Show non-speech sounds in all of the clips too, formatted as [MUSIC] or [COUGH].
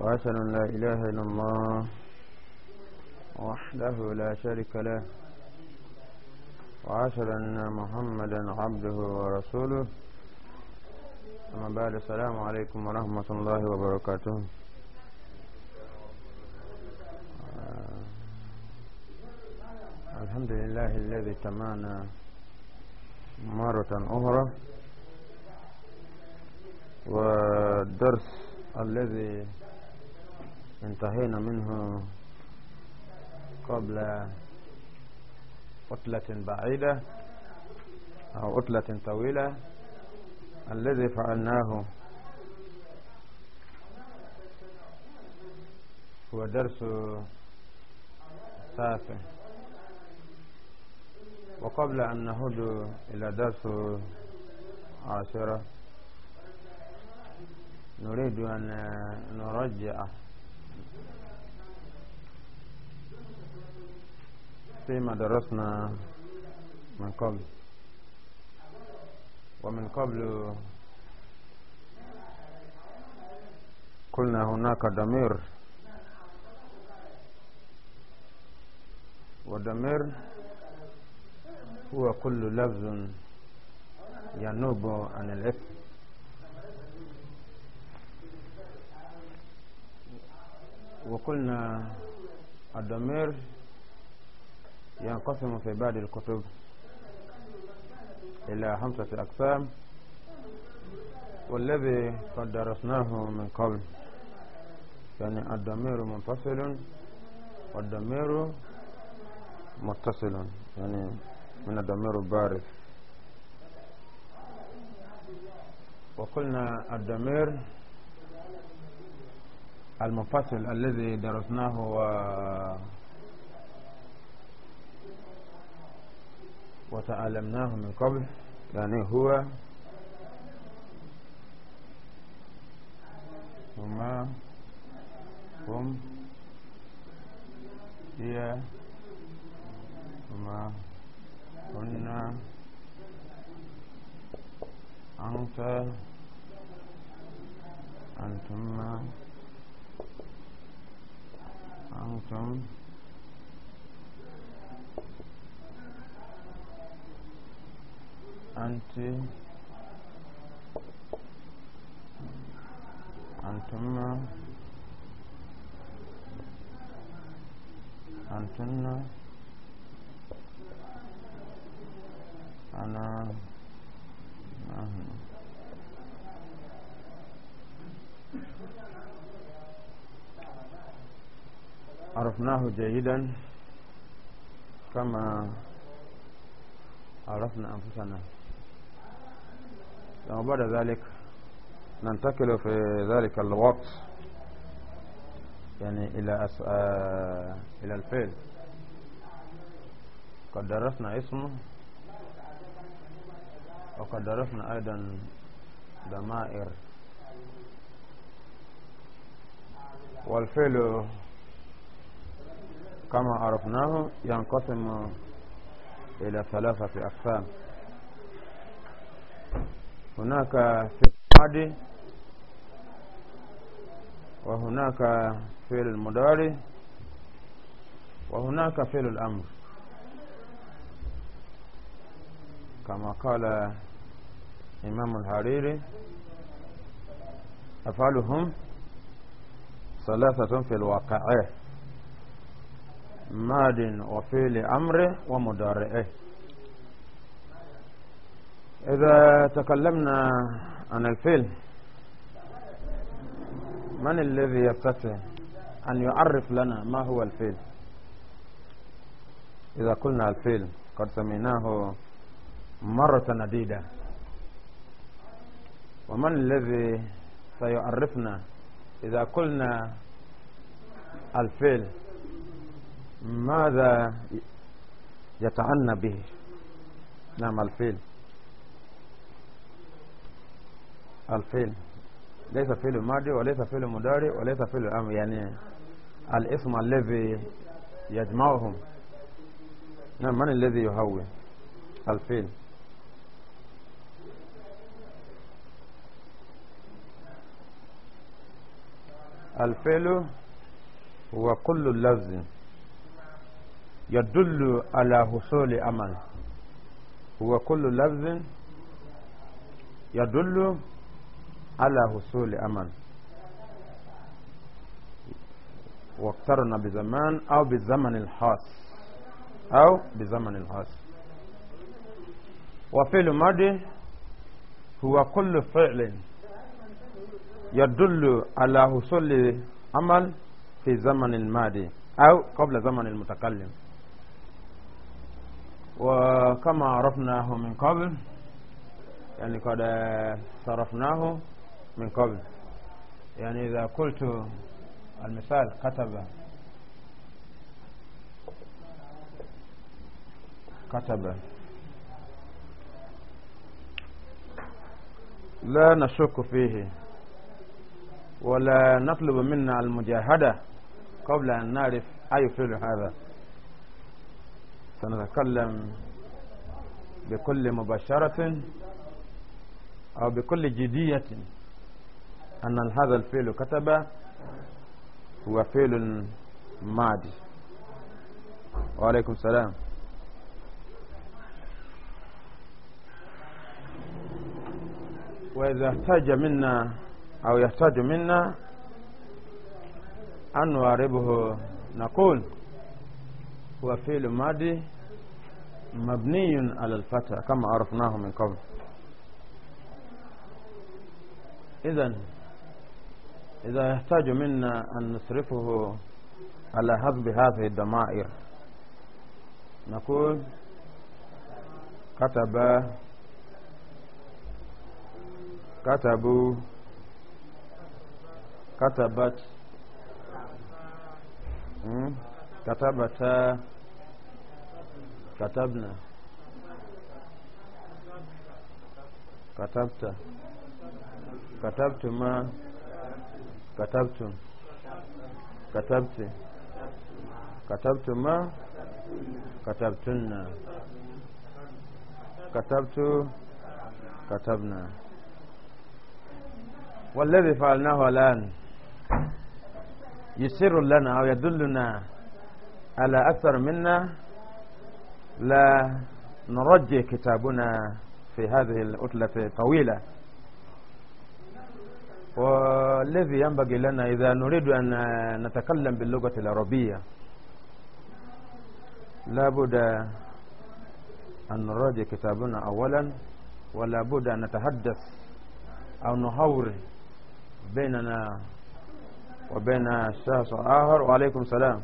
وأشهد أن لا إله إلا الله وحده لا شريك له وأشهد أن محمدا عبده ورسوله أما بعد السلام عليكم ورحمة الله وبركاته آه، الحمد لله الذي تمانا مرة أخرى والدرس الذي انتهينا منه قبل أتلة بعيدة أو أتلة طويلة الذي فعلناه هو درس التاسع وقبل أن نهد إلى درس عاشرة نريد أن نرجع ما درسنا من قبل ومن قبل قلنا هناك ضمير وضمير هو كل لفظ ينوب عن الاسم وقلنا الضمير ينقسم في بعض الكتب إلى خمسة أقسام والذي قد درسناه من قبل يعني الضمير منفصل والضمير متصل يعني من الضمير البارد وقلنا الضمير المنفصل الذي درسناه و وتعلمناه من قبل يعني هو هما هم هي هما هن أنت أنتم أنتم أنت أنتم أنتن أنا نحن عرفناه جيدا كما عرفنا أنفسنا وبعد ذلك ننتقل في ذلك الوقت يعني إلى أس... آ... آه، إلى الفعل قد درسنا اسمه وقد درسنا أيضا دمائر والفعل كما عرفناه ينقسم إلى ثلاثة أقسام هناك فعل ماضي وهناك فعل مضارع وهناك فعل الأمر كما قال إمام الحريري أفعلهم ثلاثة في الواقع ماد وفعل أمر ومضارعه إذا تكلمنا عن الفيلم من الذي يستطيع أن يعرف لنا ما هو الفيلم إذا قلنا الفيلم قد سميناه مرة عديدة ومن الذي سيعرفنا إذا قلنا الفيل ماذا يتعنى به نعم الفيل الفعل ليس فعل ماضي وليس فعل مضارع وليس فعل امر يعني الاسم الذي يجمعهم نعم من الذي يهون الفعل الفعل هو كل لفظ يدل على حصول عمل هو كل لفظ يدل على حصول أمل واقترن بزمان أو بزمن الخاص أو بزمن الخاص وفعل ماضي هو كل فعل يدل على حصول أمل في زمن الماضي أو قبل زمن المتكلم وكما عرفناه من قبل يعني قد صرفناه من قبل يعني إذا قلت المثال كتب كتب لا نشك فيه ولا نطلب منا المجاهدة قبل أن نعرف أي فعل هذا سنتكلم بكل مباشرة أو بكل جدية أن هذا الفعل كتب هو فعل ماضي وعليكم السلام وإذا احتاج منا أو يحتاج منا أن نواربه نقول هو فعل ماضي مبني على الفتح كما عرفناه من قبل إذن إذا يحتاج منا أن نصرفه على حسب هذه الضمائر نقول كتب كتبوا كتبت كتبتا كتبنا كتبت كتبتما كتبتم كتبت كتبتم ما كتبتن كتبت كتبنا والذي فعلناه الآن يسر لنا أو يدلنا على أثر منا لا نرجي كتابنا في هذه الأتلة الطويلة و والذي ينبغي لنا إذا نريد أن نتكلم باللغة العربية لابد أن نراجع كتابنا أولا ولا بد أن نتحدث أو نحور بيننا وبين الشخص الآخر وعليكم السلام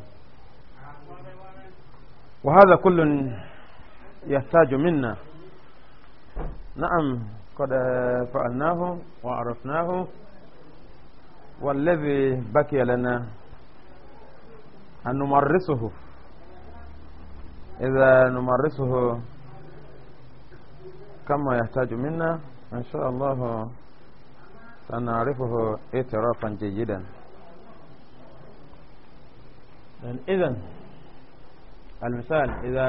وهذا كل يحتاج منا نعم قد فعلناه وعرفناه والذي بكي لنا أن نمرسه إذا نمرسه كما يحتاج منا إن شاء الله سنعرفه اعترافا جيدا إذا المثال إذا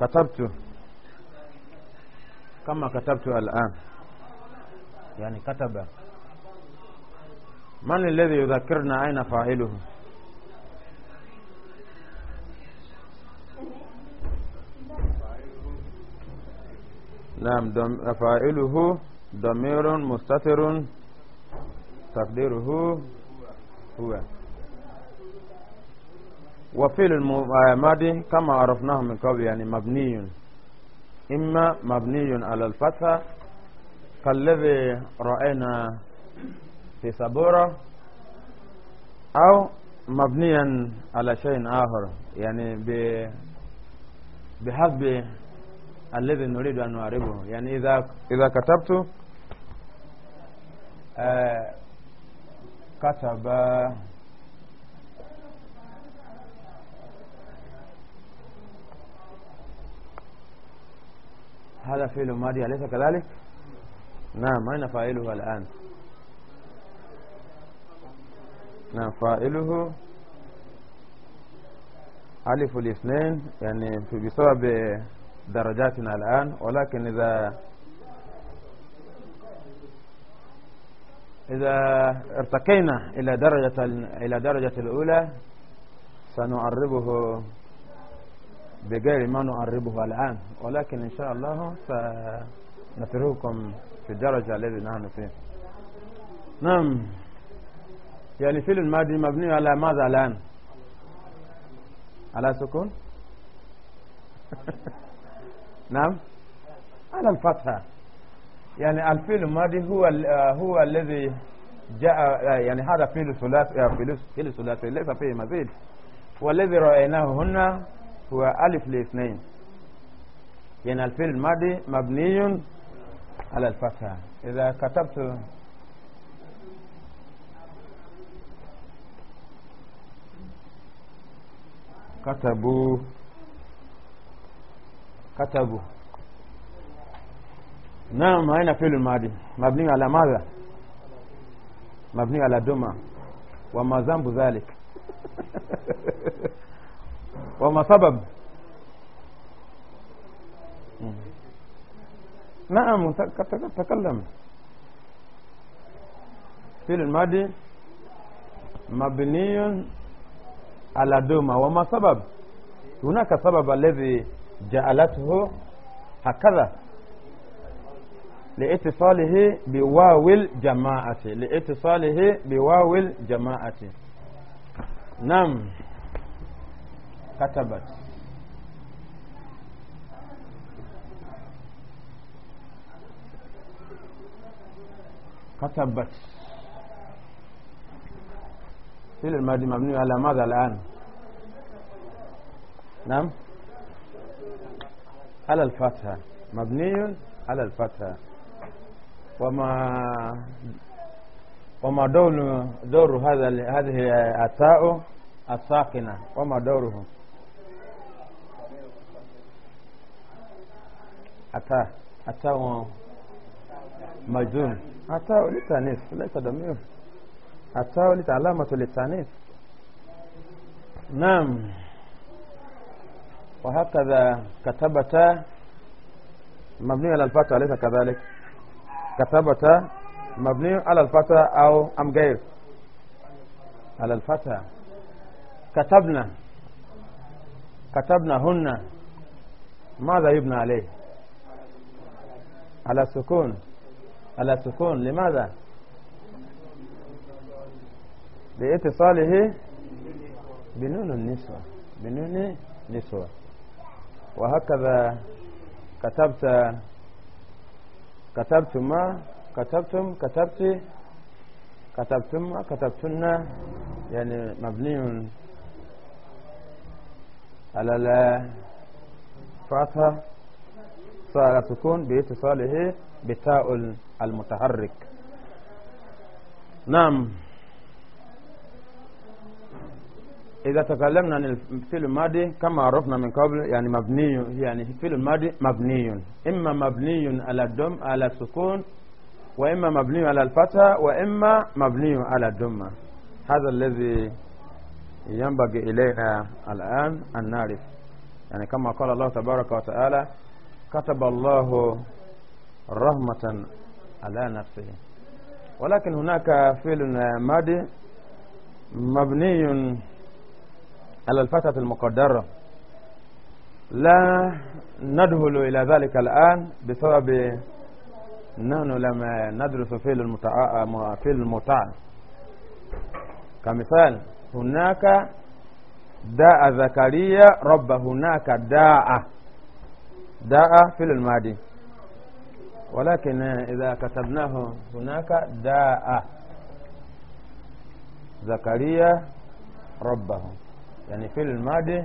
كتبت كما كتبت الآن يعني كتب من الذي يذكرنا أين فاعله نعم فاعله ضمير مستتر تقديره هو وفعل الماضي آه، كما عرفناه من قبل يعني مبني إما مبني على الفتح كالذي رأينا في صبورة أو مبنيا على شيء آخر يعني ب بحسب الذي نريد أن نعربه يعني إذا إذا كتبت آه كتب هذا فعل ماضي أليس كذلك؟ نعم أين فاعله الآن؟ نعم فاعله ألف الاثنين يعني بسبب درجاتنا الآن ولكن إذا إذا ارتقينا إلى درجة إلى درجة الأولى سنعربه بغير ما نعربه الآن ولكن إن شاء الله سنترككم في الدرجة الذي نحن فيه نعم يعني فعل الماضي مبني على ماذا الآن على سكون [LAUGHS] نعم على الفتحة يعني الفعل الماضي هو هو الذي جاء يعني هذا فعل ثلاثي آه، فعل ثلاثي ليس فيه مزيد والذي رأيناه هنا هو ألف لاثنين يعني الفعل الماضي مبني على الفتحة إذا كتبت كتبوا كتبوا نعم هنا فعل الماضي مبني على ماذا مبني على دمى وما ذنب ذلك [LAUGHS] وما سبب نعم تكلم فعل الماضي مبني على دوما وما سبب هناك سبب الذي جعلته هكذا لاتصاله بواو الجماعة لاتصاله بواو الجماعة نعم كتبت كتبت فعل الماضي مبني على ماذا الآن نعم على الفتحة مبني على الفتحة وما وما دور دور هذا هذه التاء الساكنة وما دوره أتى أتى مجزوم أتى لتانيث ليس دمير الثالث علامة للتانيث نعم وهكذا كتبت مبني على الفتح ليس كذلك كتبت مبني على الفتح أو أم غير على الفتح كتبنا كتبنا هن ماذا يبنى عليه على سكون على سكون لماذا باتصاله بنون النسوة بنون نسوة وهكذا كتبت كتبتم ما كتبتم كتبت كتبتم ما كتبتن يعني مبني على لا فتحة صار تكون باتصاله بتاء المتحرك نعم إذا تكلمنا عن الفعل الماضي كما عرفنا من قبل يعني مبني يعني الفعل الماضي مبني إما مبني على الدم على السكون وإما مبني على الفتحة وإما مبني على الدم هذا الذي ينبغي إلينا الآن أن نعرف يعني كما قال الله تبارك وتعالى كتب الله رحمة على نفسه ولكن هناك فعل ماضي مبني على الفتاة المقدرة لا ندخل إلى ذلك الآن بسبب نحن لما ندرس في المتع في المتع كمثال هناك داء زكريا رب هناك داء داء في الماضي ولكن إذا كتبناه هناك داء زكريا ربه يعني في الماضي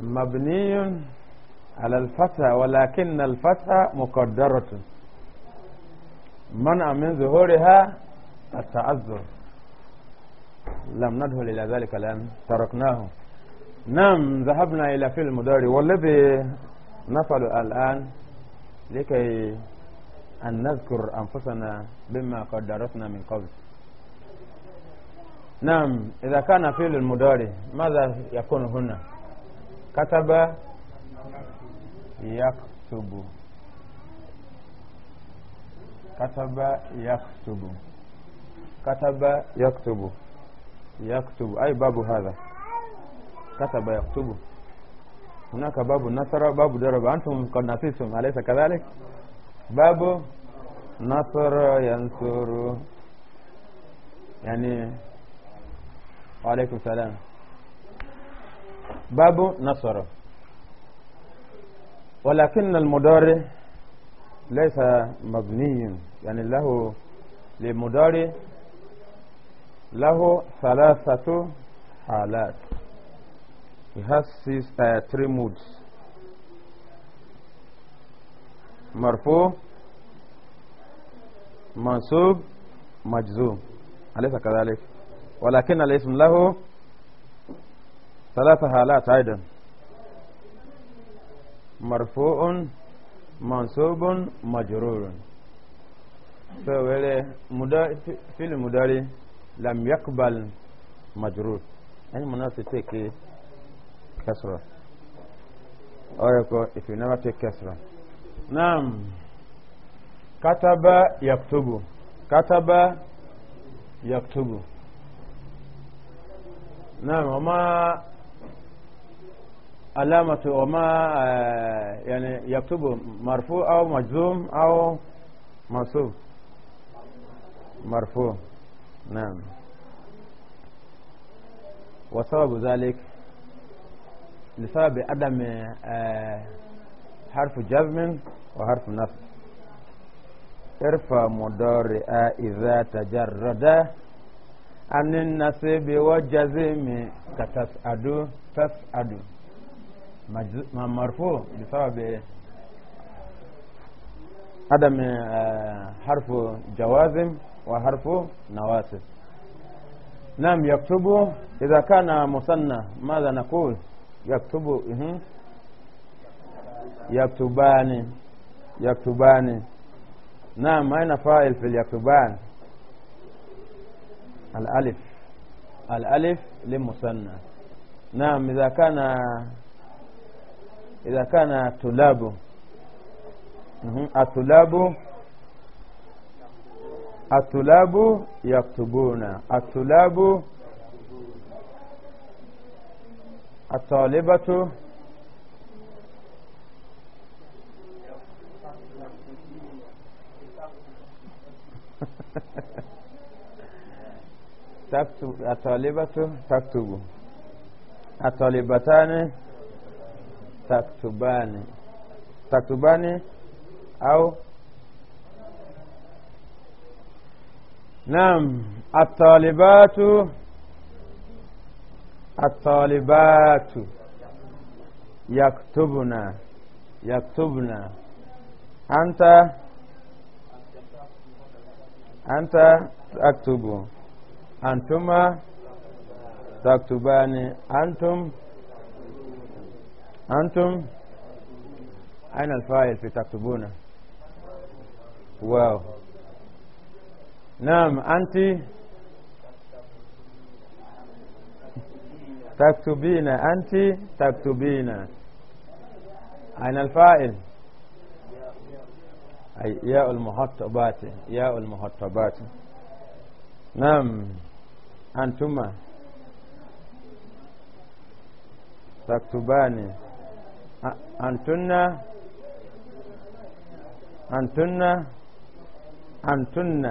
مبني على الفتح ولكن الفتح مقدرة منع من ظهورها التعذر لم ندخل إلى ذلك الآن تركناه نعم ذهبنا إلى فعل المضارع والذي نفعل الآن لكي أن نذكر أنفسنا بما قدرتنا من قبل نعم إذا كان فعل المضارع ماذا يكون هنا كتب يكتب كتب يكتب كتب يكتب يكتب أي باب هذا كتب يكتب هناك باب نصر باب ضرب أنتم قد نسيتم أليس كذلك باب نصر ينصر يعني وعليكم السلام باب نصر ولكن المضارع ليس مبني يعني له لمدار له ثلاثة حالات He has six, uh, three moods مرفوع منصوب مجزوم أليس كذلك؟ ولكن الاسم له ثلاث حالات أيضا مرفوع منصوب مجرور فولي في المداري لم يقبل مجرور أي مناسب تكي كسرة أو يقول if you never take كسرة نعم كتب يكتب كتب يكتب نعم وما علامة وما آه، يعني يكتب مرفوع أو مجزوم أو منصوب مرفوع نعم وسبب ذلك لسبب عدم آه، حرف جزم وحرف نصب ارفع مضارع إذا تجرد أن عن النصيب والجزيم كتسعد تسعد مرفوع بسبب عدم آه، حرف جوازم وحرف نواسب نعم يكتب إذا كان مثنى ماذا نقول يكتب إيه؟ يكتبان يكتبان نعم أين فاعل في اليكتبان الألف الألف للمثنى نعم إذا كان إذا كان طلاب الطلاب الطلاب يكتبون الطلاب الطالبة Ha ha ha. تكتب الطالبة تكتب الطالبتان تكتبان تكتبان أو نعم الطالبات الطالبات يكتبنا يكتبنا أنت أنت تكتب أنتما تكتبان أنتم أنتم أين الفايل في تكتبون واو نعم أنت تكتبين أنت تكتبين أين الفائل أي ياء المحطبات ياء المحطبات نعم أنتما تكتبان أنتن أنتن أنتن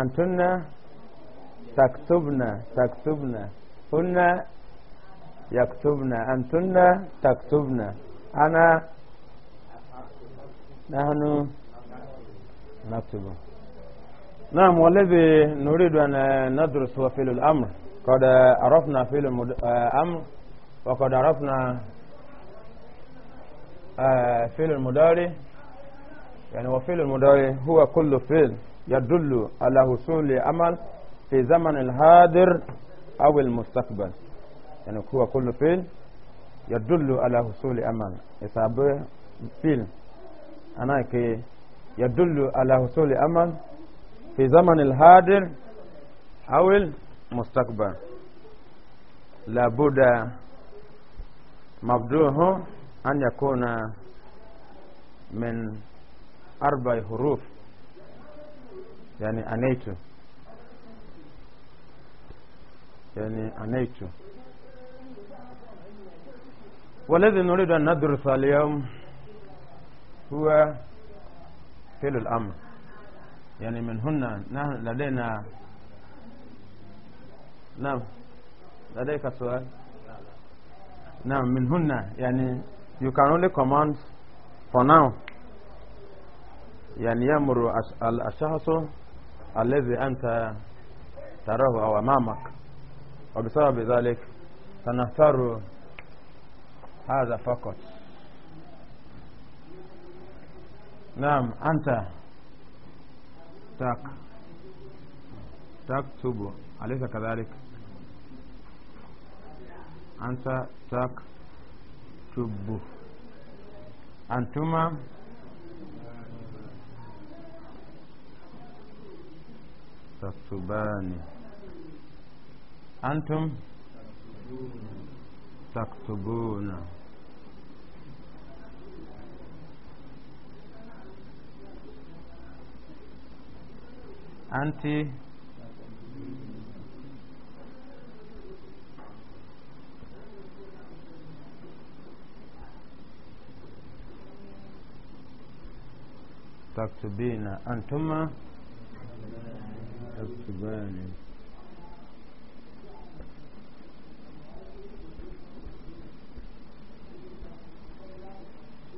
أنتن تكتبن تكتبن هن يكتبن أنتن تكتبن أنا نحن نكتبه نعم والذي نريد أن ندرس هو فيل الأمر قد عرفنا فيل الأمر آه، وقد عرفنا آه، فيل المداري يعني وفيل المداري هو كل فيل يدل على حصول عمل في زمن الحاضر أو المستقبل يعني هو كل فيل يدل على حصول عمل يسابه فيل أنا كي يدل على حصول أمل في زمن الحاضر أو المستقبل لابد مبدوه أن يكون من أربع حروف يعني أنيتو يعني أنيتو والذي نريد أن ندرس اليوم هو تمثيل الأمر يعني من هنا نحن لدينا نعم لديك سؤال نعم من هنا يعني you can only command for now يعني يأمر الشخص الذي أنت تراه أو أمامك وبسبب ذلك سنختار هذا فقط نعم أنت تك تكتب أليس كذلك أنت تكتب أنتما تكتبان أنتم تكتبون أنت تكتبين أنتما تكتبان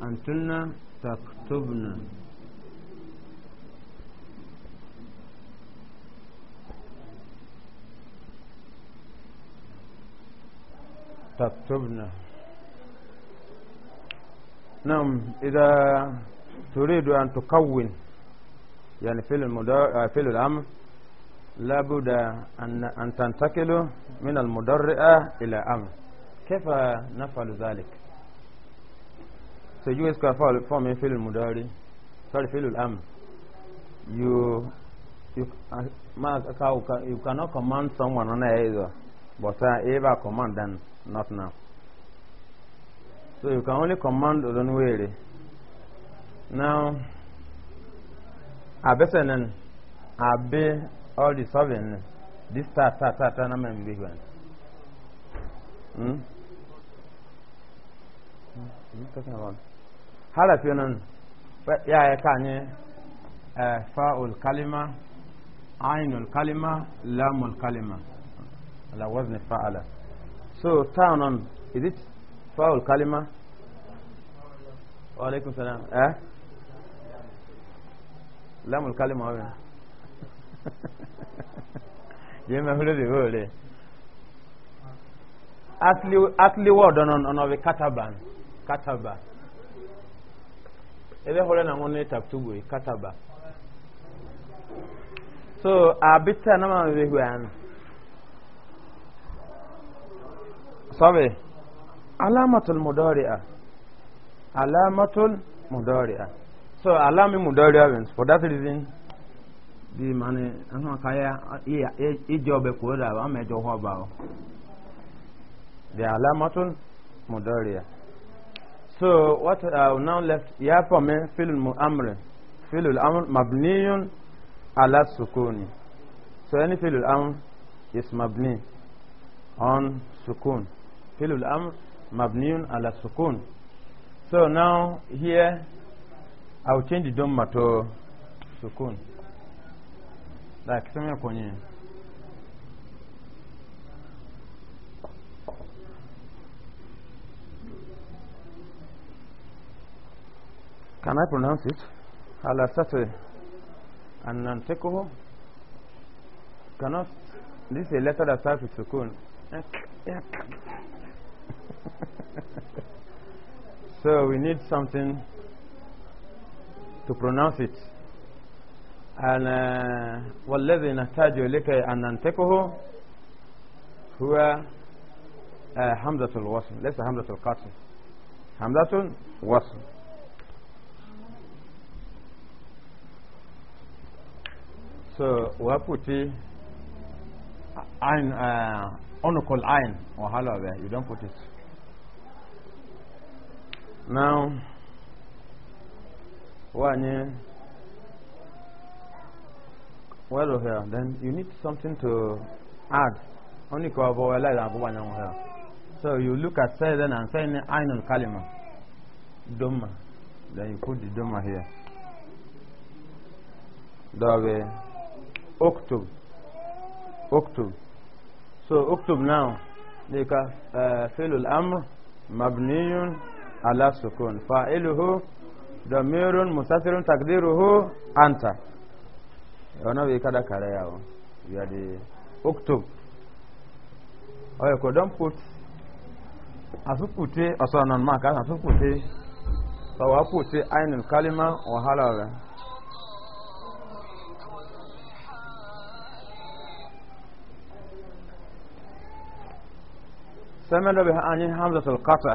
أنتن تكتبن تكتبنا نعم إذا تريد أن تكون يعني فعل المدار فعل الأمر لابد أن أن تنتقل من المدرئة إلى أمر كيف نفعل ذلك؟ سيجوز so كفعل فهم في المدار sorry في الأمر you you, uh, you cannot command someone on either But uh, Eva command then, not now. So you can only command Odonwere. Now, Abesenen, Abe, all the sovereign, this ta ta ta ta na men big one. Hmm? hmm? You talking about? Hala fiyonan, ya ya kanye, ul kalima, ayin ul kalima, lam ul kalima. على وزن فعل so town is it فاول كلمة وعليكم السلام اه لام الكلمة وين جيما هلدي هولي أصلي أصلي word on on the kataban kataba ebe hore na ngone taptubu kataba so abita na ma wewe sabe alamatul mudari'a alamatul mudari'a so alami mudari'a means for that reason the money ano kaya ijobe ko da ba me jo ho ba o the alamatul mudari'a so what uh, now left ya for me fil muamr fil al amr mabniyun ala sukuni so any fil al amr is mabni on sukun فعل الأمر مبني على السكون so now here I'll change the dhamma to sukun like sema kwenye Can I pronounce it? على سطح أن cannot this is a letter that starts with sukun Yeah. [LAUGHS] so we need something to pronounce it. And uh, والذي نحتاج إليك أن ننتقه هو uh, حمزة الوصل ليس حمزة القصر حمزة وصل so waputi ain uh, uh onocle ain wahala there you don't put it Now, one well here, oh, then you need something to add. Only here. So you look at say then and say Ainul Kalima. Doma. Then you put the Doma here. The Oktub. Oktub. So Oktub now. They can uh, eh, fill al-amr على سكون فاعله ضمير مستتر تقديره أنت ona bi kada kare yawo ya di uktub oyo ko don put asupute asanan ma ka asupute sawa pute ainul kalima wa halala سمد بها عن همزة القطع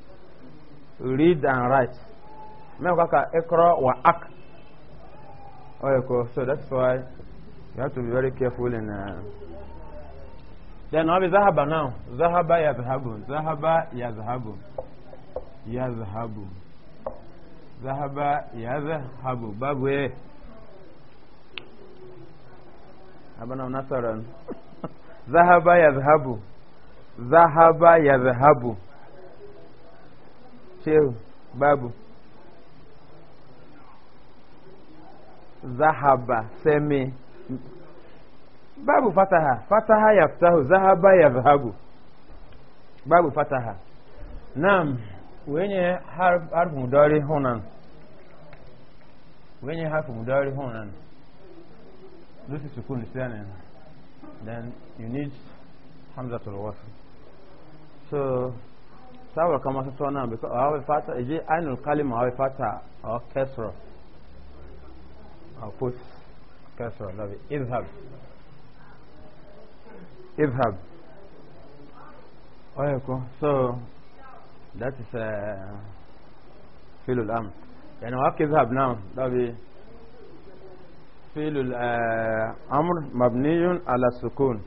read and write mẹ́wàá kaka ekoro wa ak ọ̀yẹ̀kọ̀ so that's why you have to be very careful in. Uh, then ọ bụ zahaba now zahaba yazhabu zahaba yazhabu yazhabu zahaba yazhabu bagwe abana nasaran [LAUGHS] zahaba yazhabu zahaba yazhabu shehu babu zahaba semi babu fataha fataha yaftahu zahaba yadhhabu babu fataha Nam, wenye harf mudari hunan wenye harf mudari hunan this is sukun thani then you need hamzatul wasl so sawa kama sasa wana awe fata ije ainul kalima awe fata au kesra au kus kesra nabi idhab idhab ayeko so that is uh, filul am yani wake idhab naam nabi فعل الأمر مبني على السكون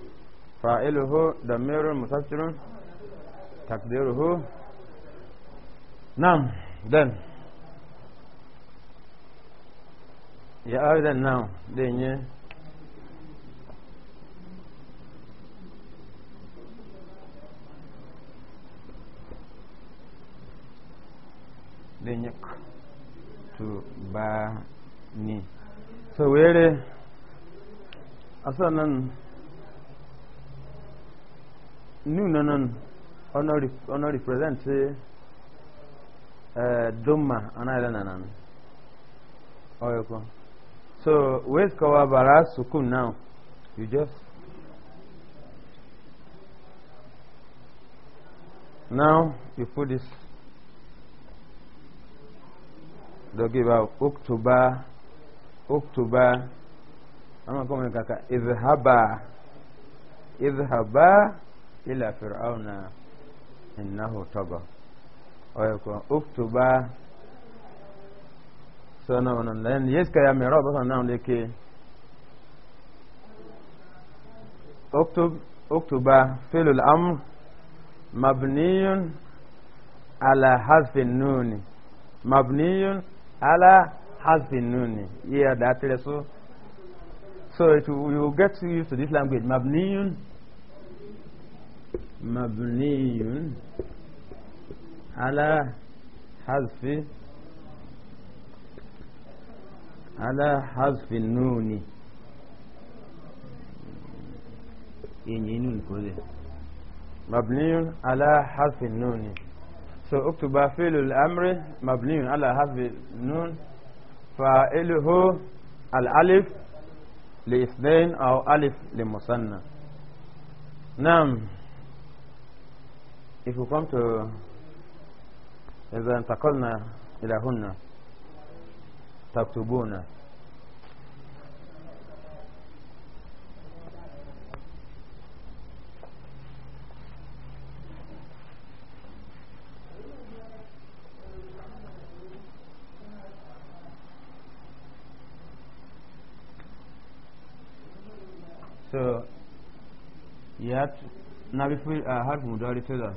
فاعله ضمير مستتر takdi olu hoo. Naam den. Yaa den naam dee nye. tu ba ni so were asa na ono represent eh, duma anaghị na na oyoko so wes kawa bara sukun now you just now you put this do give out October, October. ama kome kaka izhaba izhaba ila fir'auna in innahu taba oyo ko uktuba sona wonon len yes ka ya me roba sona wonon leke uktub uktuba filul amr mabniyun ala hazfi nuni mabniyun ala hazfi nuni yeah that is so so it, will get used to this language mabniyun مبني على حذف على حذف النون إيه، إيه مبني على حذف النون سأكتب اكتب فعل الامر مبني على حذف النون فاعله الالف لاثنين او الف لمثنى نعم if you come to إذا انتقلنا إلى هنا تكتبون So, you have to نبي في حرف مجاري فعل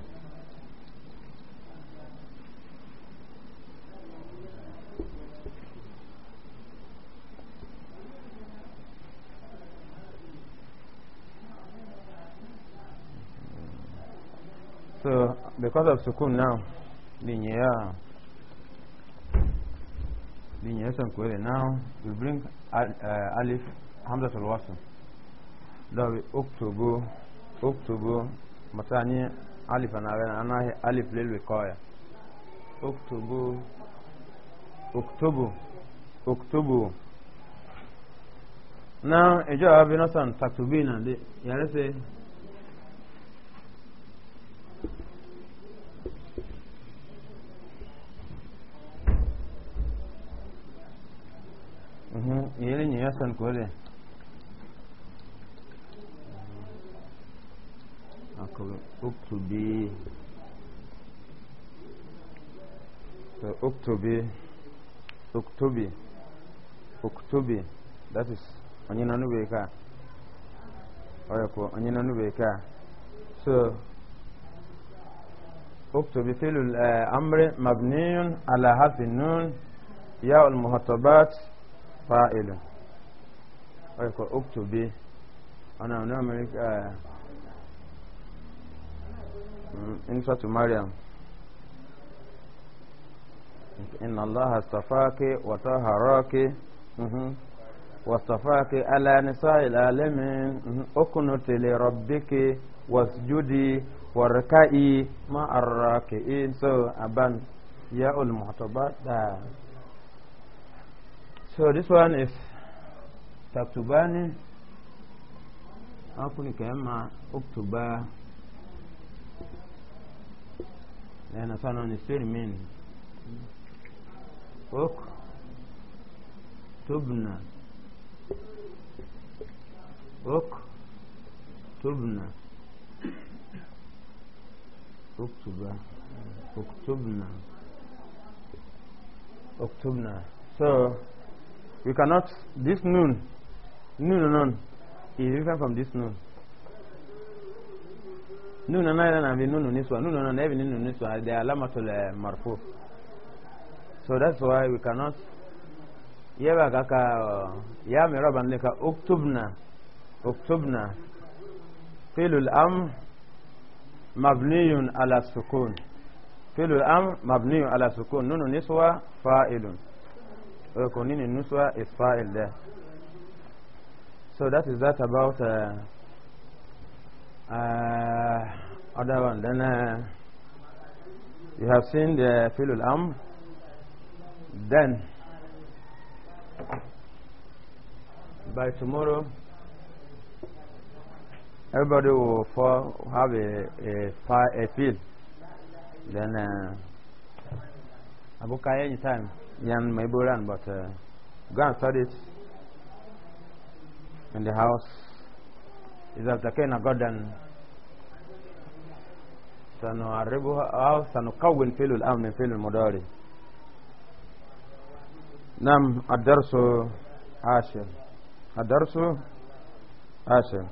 so because of sukun now linear linear some query now we bring al, uh, alif hamza wasl that we hope to go oktubu mata anyị alif na anaghị alif lelwe kọọ ya oktubu oktubu oktubu na ijo abi nasan taktubi na de yare se mhm yele ni yasan kore Uktubi. So Uktubi, Uktubi, That is onye na nube onye na So Uktubi filul eh, amri mabniyun ala ya al-muhatabat fa'ilun. Oyako Uktubi. Eh, in Surah Maryam إن الله استفاك وطهراك واستفاك على نساء العالمين أكنت لربك واسجدي واركعي مع الراكعين so أبان يا المعتبات so this one is تكتباني أقول كما أكتبا I لأن the نسير Ok, أك Ok, أك Ok, أكتب Ok, أكتبنا so we cannot this noon noon noon is different from this noon nunu na yana bi nunu niswa nunu na nabi nunu niswa the alamatul eh, marfu so that's why we cannot yaba kaka uh, ya mi roban ne ka uktubna uktubna filul am mabniyun ala sukun filul am mabniyun ala sukun nunu niswa fa'ilun ko nini niswa is fa'il there so that is that about uh, uh, other one, then uh, you have seen the filul am. Then by tomorrow, everybody will fall, have a a, a field. Then uh, book any time, Yeah, maybe run, but uh, go and study it in the house. إذا التقينا غدا سنعربها أو سنكون فيل الأمن فيل المداري نعم الدرس عاشر الدرس عاشر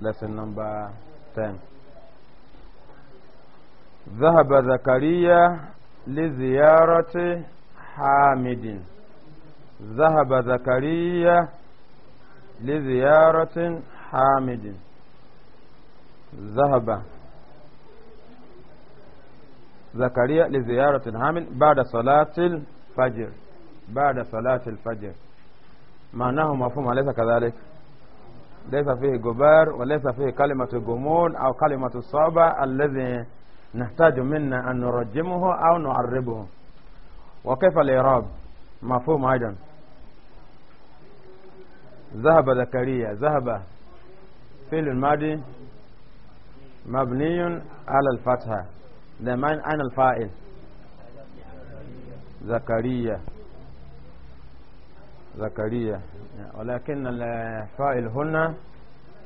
lesson number 10 ذهب زكريا لزيارة حامد ذهب زكريا لزيارة حامد ذهب زكريا لزيارة حامد بعد صلاة الفجر بعد صلاة الفجر معناه مفهوم أليس كذلك ليس فيه جبار وليس فيه كلمة جمون أو كلمة صعبة الذي نحتاج منا أن نرجمه أو نعربه وكيف الإعراب مفهوم أيضا ذهب زكريا ذهب فعل الماضي مبني على الفتحة لمن أنا الفاعل زكريا زكريا ولكن الفاعل هنا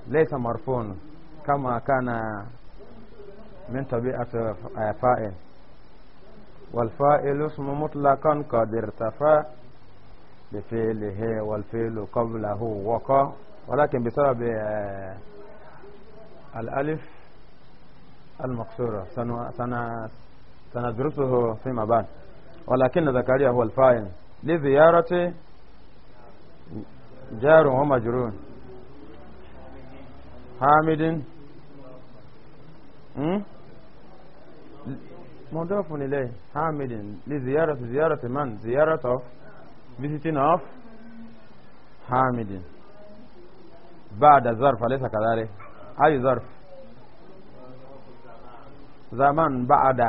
ليس مرفون كما كان من طبيعة فاعل والفاعل اسم مطلقا قد ارتفع بفعله والفعل قبله وقع ولكن بسبب آه، الألف المقصورة سندرسه فيما بعد ولكن زكريا هو الفاعل لزيارة جار ومجرور حامد مضاف إليه حامد لزيارة زيارة من زيارة of visiting of حامد بعد الظرف أليس كذلك أي ظرف زمان بعد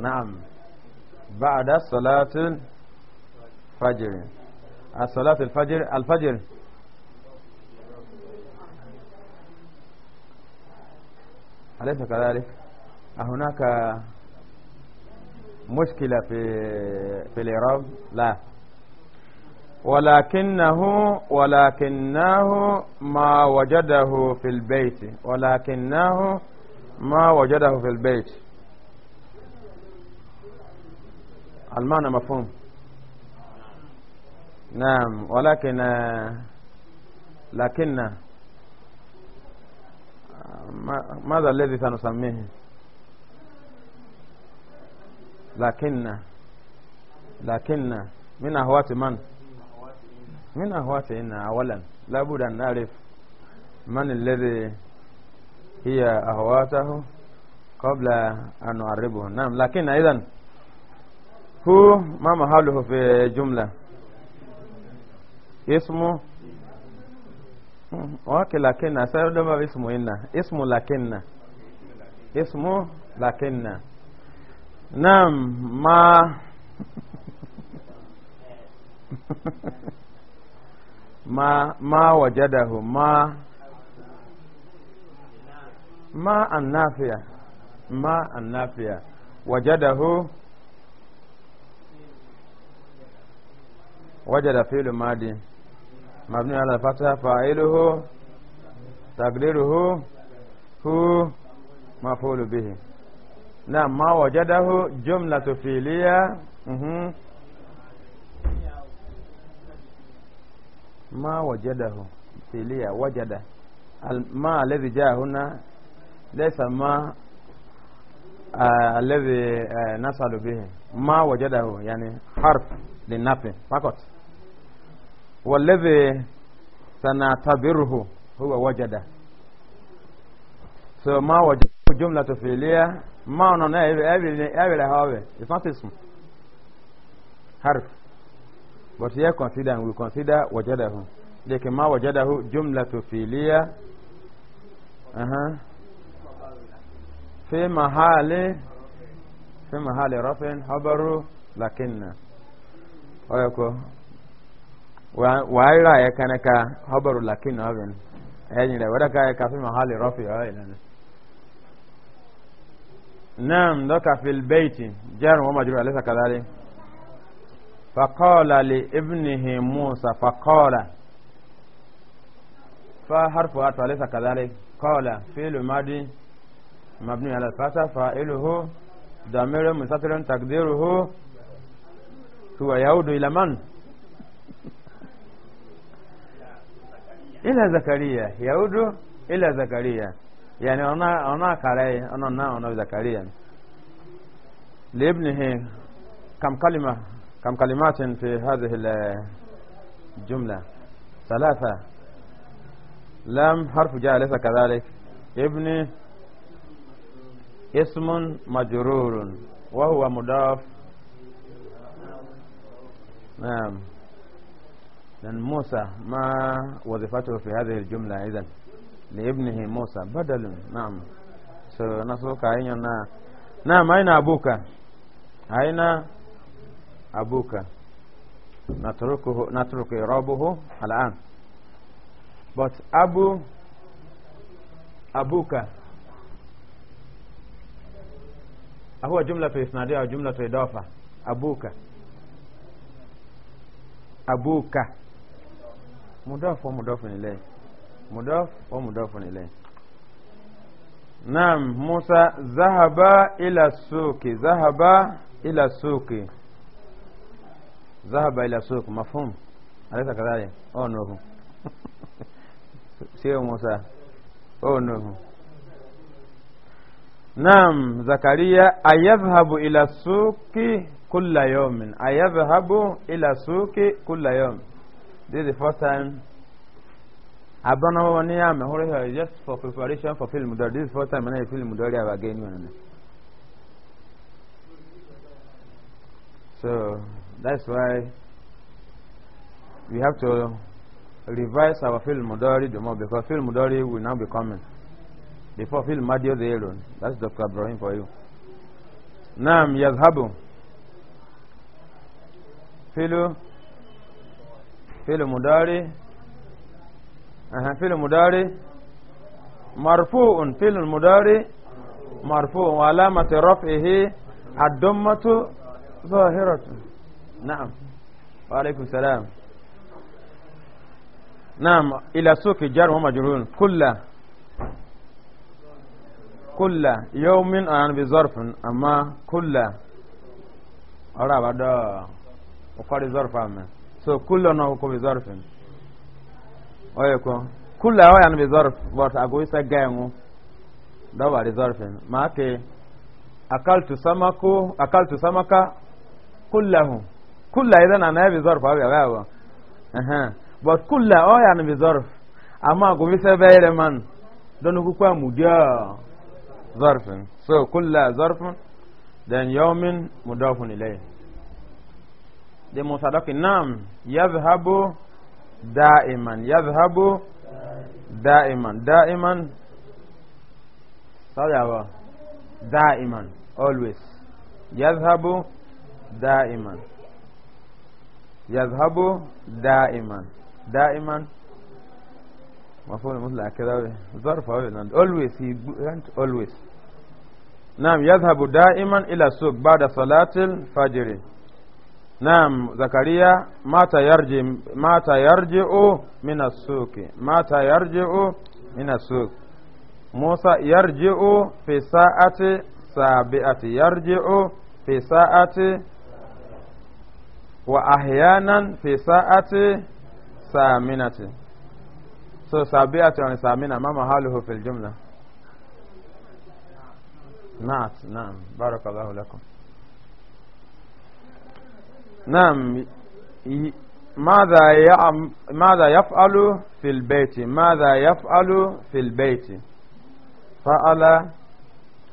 نعم بعد صلاة الفجر صلاة الفجر الفجر أليس كذلك هناك مشكلة في في الإعراب لا ولكنه ولكنه ما وجده في البيت ولكنه ما وجده في البيت المعنى مفهوم نعم ولكن لكن ماذا الذي سنسميه لكن لكن من أهوات من؟ من أهواتنا أولا لابد أن نعرف من الذي هي أهواته قبل أن نعربه نعم لكن أيضا هو ما محله في جملة اسمه وكي لكن سيدنا ما اسمه إنا اسمه لكن اسمه لكن نعم ما [LAUGHS] ما ما wajadahu ما ما النافية ما النافية wajadahu وجد فعل ماضي مبني على الفتحة فاعله تقديره هو مفعول به نعم ما وجده جملة فعلية ما وجده سيليا وجد الماء الذي جاء هنا ليس ما الذي نصل به ما وجده يعني حرف للنفي فقط والذي سنعتبره هو وجده so ما وجده جملة فعلية ما نعرف أبي أبي it's not اسم حرف but here consider and we consider wajadahu like ma wajadahu jumlatu filia aha uh-huh. fi mahali fi mahali rafin habaru lakinna oyako waira ya habaru lakinna haven enyire wadaka ya kafi mahali rafi oyilana نعم ذكر في البيت جار ومجرور ليس كذلك فقال لابنه موسى فقال فحرف أتى ليس كذلك قال فعل ماضي مبني على الفتح فاعله ضمير مستتر تقديره هو يعود إلى من إلى زكريا يعود إلى زكريا يعني أنا أنا كاري أنا أنا أنا زكريا لابنه كم كلمة كم كلمات في هذه الجملة ثلاثة لم حرف جاء ليس كذلك ابن اسم مجرور وهو مضاف نعم لأن موسى ما وظيفته في هذه الجملة إذن لابنه موسى بدل نعم سنسوك أين نعم. نعم أين أبوك أين abuka natrukuhu natruku irabuhu al'an but abu abuka هو جملة إسنادية أو جملة إضافة أبوك أبوك مضاف ومضاف إليه مضاف ومضاف إليه نعم موسى ذهب إلى السوق ذهب إلى السوق ذهب إلى سوق مفهوم أليس كذلك أو نوه [LAUGHS] سيو موسى أو نوه نعم زكريا أيذهب إلى السوق كل يوم أيذهب إلى السوق كل يوم This is the first time abana wa ni ame hore here just for preparation for film this is first time I film mudari aba again so that's why we have to revise our film mudari the because film mudari will now be coming. Before film madio the alone. That's Dr. Ibrahim for you. Nam yazhabu. Filu filu mudari aha uh-huh, filu mudari marfu'un filu mudari marfu'un wa alamati raf'ihi ad-dammatu zahiratun نعم وعليكم السلام نعم إلى سوق جار ومجرور كل كل يوم أن بظرف أما كل أرى بعد وقال ظرف أما so كل نوكو بظرف ويكو كل هو أنا بظرف but أقول سجعه ده بظرف ما كي أكلت سمكو أكلت سمكة كلهم كل اذا انا بظرف ابي بابا اها بس كل او آية يعني بظرف اما كو بسبير من دون كو مجا ظرف so كل ظرف then يوم مضاف اليه ده مصدق نعم يذهب دائما يذهب دائما دائما صدق دائما always يذهب دائما يذهب دائما دائما مفهوم مثل كذا ظرف always he went يعني always نعم يذهب دائما إلى السوق بعد صلاة الفجر نعم زكريا متى يرجع متى يرجع من السوق متى يرجع من السوق موسى يرجع في ساعة سابعة يرجع في ساعة وأحيانا في ساعة سامنة سو سابعة وسامنة يعني ما محله في الجملة نعم نعم بارك الله لكم نعم ماذا يعم ماذا يفعل في البيت ماذا يفعل في البيت فعل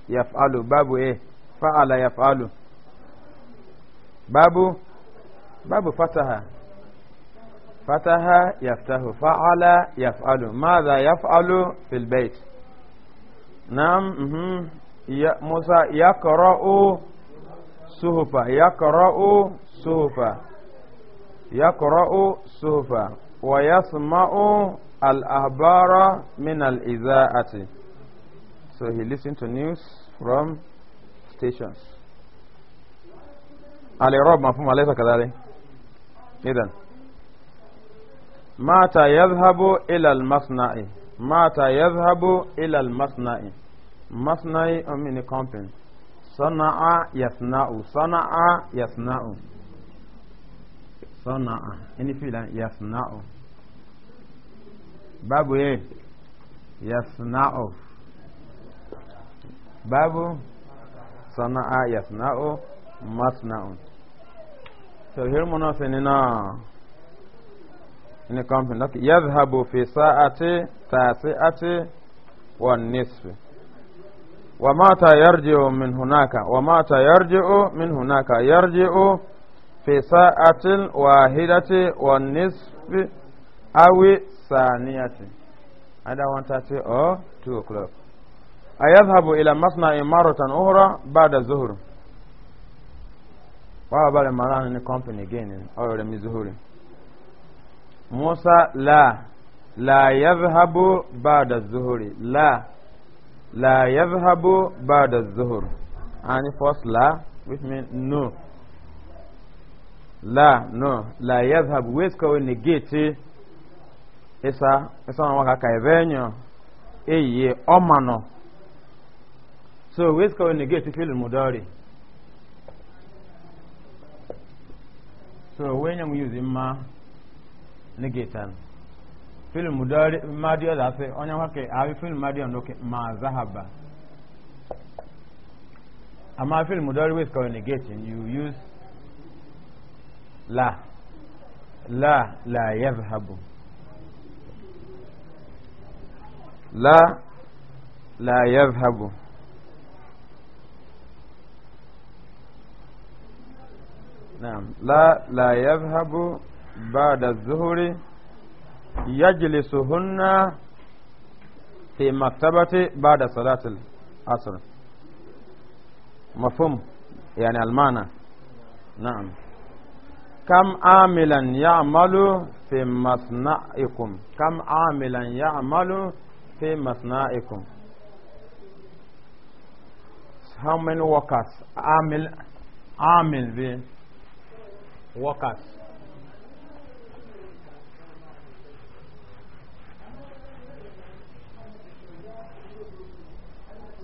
يفعل باب ايه فعل يفعل باب باب فتح فتح يفتح فعل يفعل ماذا يفعل في البيت نعم موسى يقرأ صحفا يقرأ صحفا يقرأ صحفا ويسمع الأخبار من الإذاعة So he listened to news from stations. Ali Rob mafuma lesa kadhali. إذا متى يذهب إلى المصنع متى يذهب إلى المصنع مصنع من كومبين صنع يصنع صنع يصنع صنع إني فعلا يصنع باب إيه يصنع باب صنع يصنع مصنع تو هير منافننا ان كان هناك يذهب في ساعه تاسعه والنصف وما يرجع من هناك وما يرجع من هناك يرجع في ساعه واحده والنصف او ثانيه هذا وان تاتي او 2 o'clock ايذهب الى مصنع مره اخرى بعد الظهر wàá bá rẹ̀ màrán ní company again ọ̀rọ̀ rẹ̀ mizuhuri musa la la yadhhabu ba'da zuhuri la la yadhhabu ba'da zuhur and first la which means no la no la yadhhabu ways ko negate isa isa wa ka kai venyo eye omano so ways ko negate fil mudari so when you use ma negatan film mudari madi oda se onya wake abi film madi on doke ma zahaba ama film mudari with ko negating you use la la la yadhhabu la la yadhhabu نعم لا لا يذهب بعد الظهر يجلسهن في مكتبة بعد صلاة العصر مفهوم يعني المعنى نعم كم عاملا يعمل في مصنعكم كم عاملا يعمل في مصنعكم how many workers عامل عامل به وقعت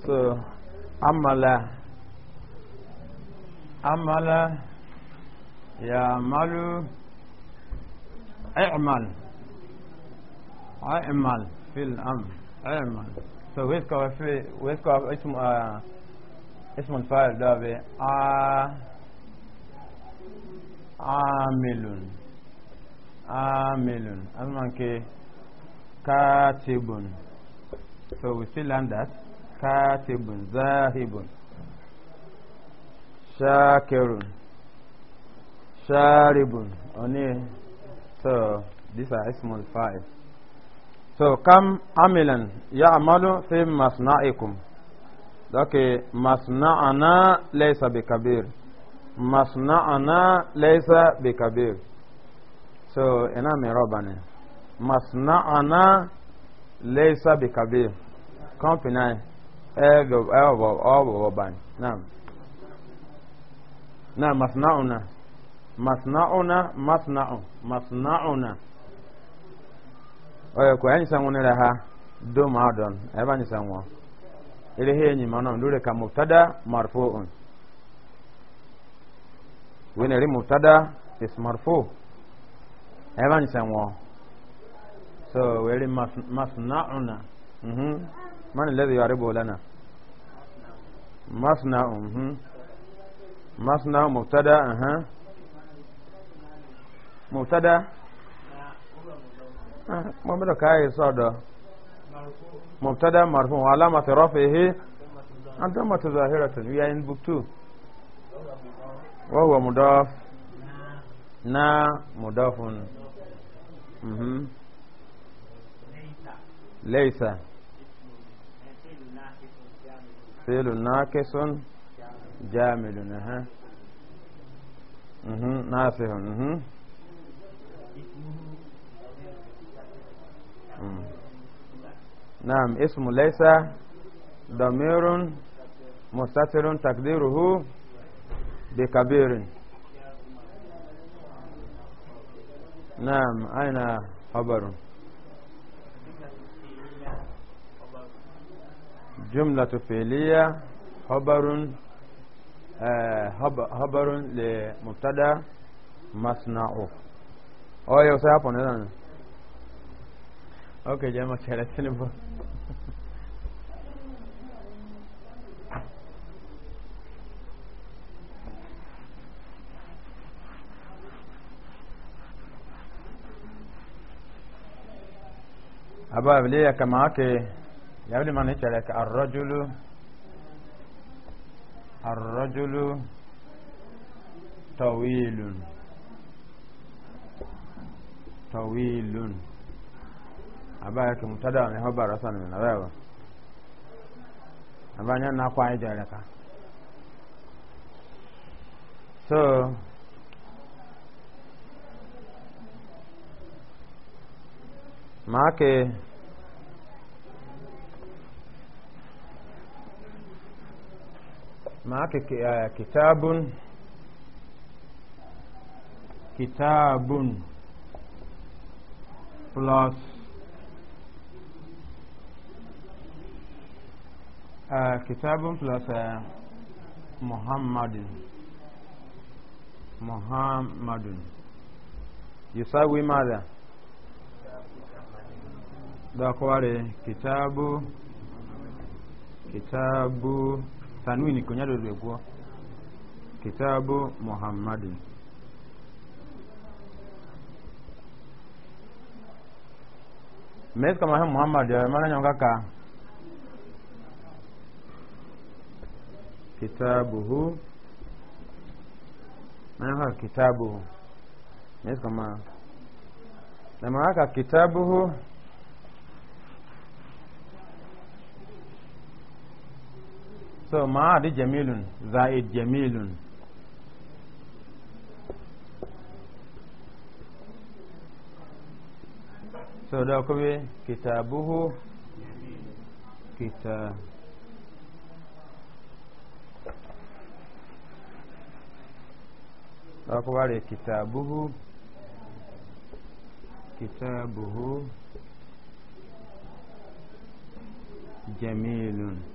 so عمل عمل يعمل اعمل اعمل في الامر اعمل so ويذكر في ويذكر اسم اسم الفاعل ده ب amilun amilun azumanke katibun so we still learn that katibun zahibun shakirun sharibun oni so these are small five so come kam amilan ya'malu fi masna'ikum okay masna'ana laysa bikabir kabir masna'ana laysa bikabir so ina mai roba ne masna'ana laysa bikabir company ebe ọbọbọ bani na na masna'una masna'una masna'u masna'una oye ko yanyi sanwó nira ha do ma don ebe anyi sanwó ire he enyi ma ka mubtada marfu'un When ونري مبتدا is مرفوع evan sanwo so weri masna'una mhm man alladhi yaribu lana masna'u mhm masna mubtada aha uh-huh. mubtada uh-huh. mubtada kai sada mubtada marfu wa alamati rafihi anta matazahiratan ya in book 2 leisa amfụ lsasilụs nam esulsa mr msaụ بكبير نعم أين خبر جملة فعلية خبر خبر آه لمبتدا مصنعه أو يوصي hapo nadhani okay jamaa kialetini bo aba bile kama ake ya bile mani chere ka arrajulu arrajulu tawilun tawilun aba yake mutada ne hoba rasan na baba abanya na kwa ida ka so Make. make uh, kitabun kitabun plus uh, kitabun plus uh, muhammadun muhammadun we mother dakware kitabu kitabu tanwini kunyadodegwo kitabu muhammadi mes kama muhammadi he eh, muhammad mananyo kaka kitabuhu manaka kitabu mes kama ka kitabu hu so ma adi jamilun zaid jamilun so da kuma kitabuhu kita da kuma da kitabuhu kitabuhu jamilun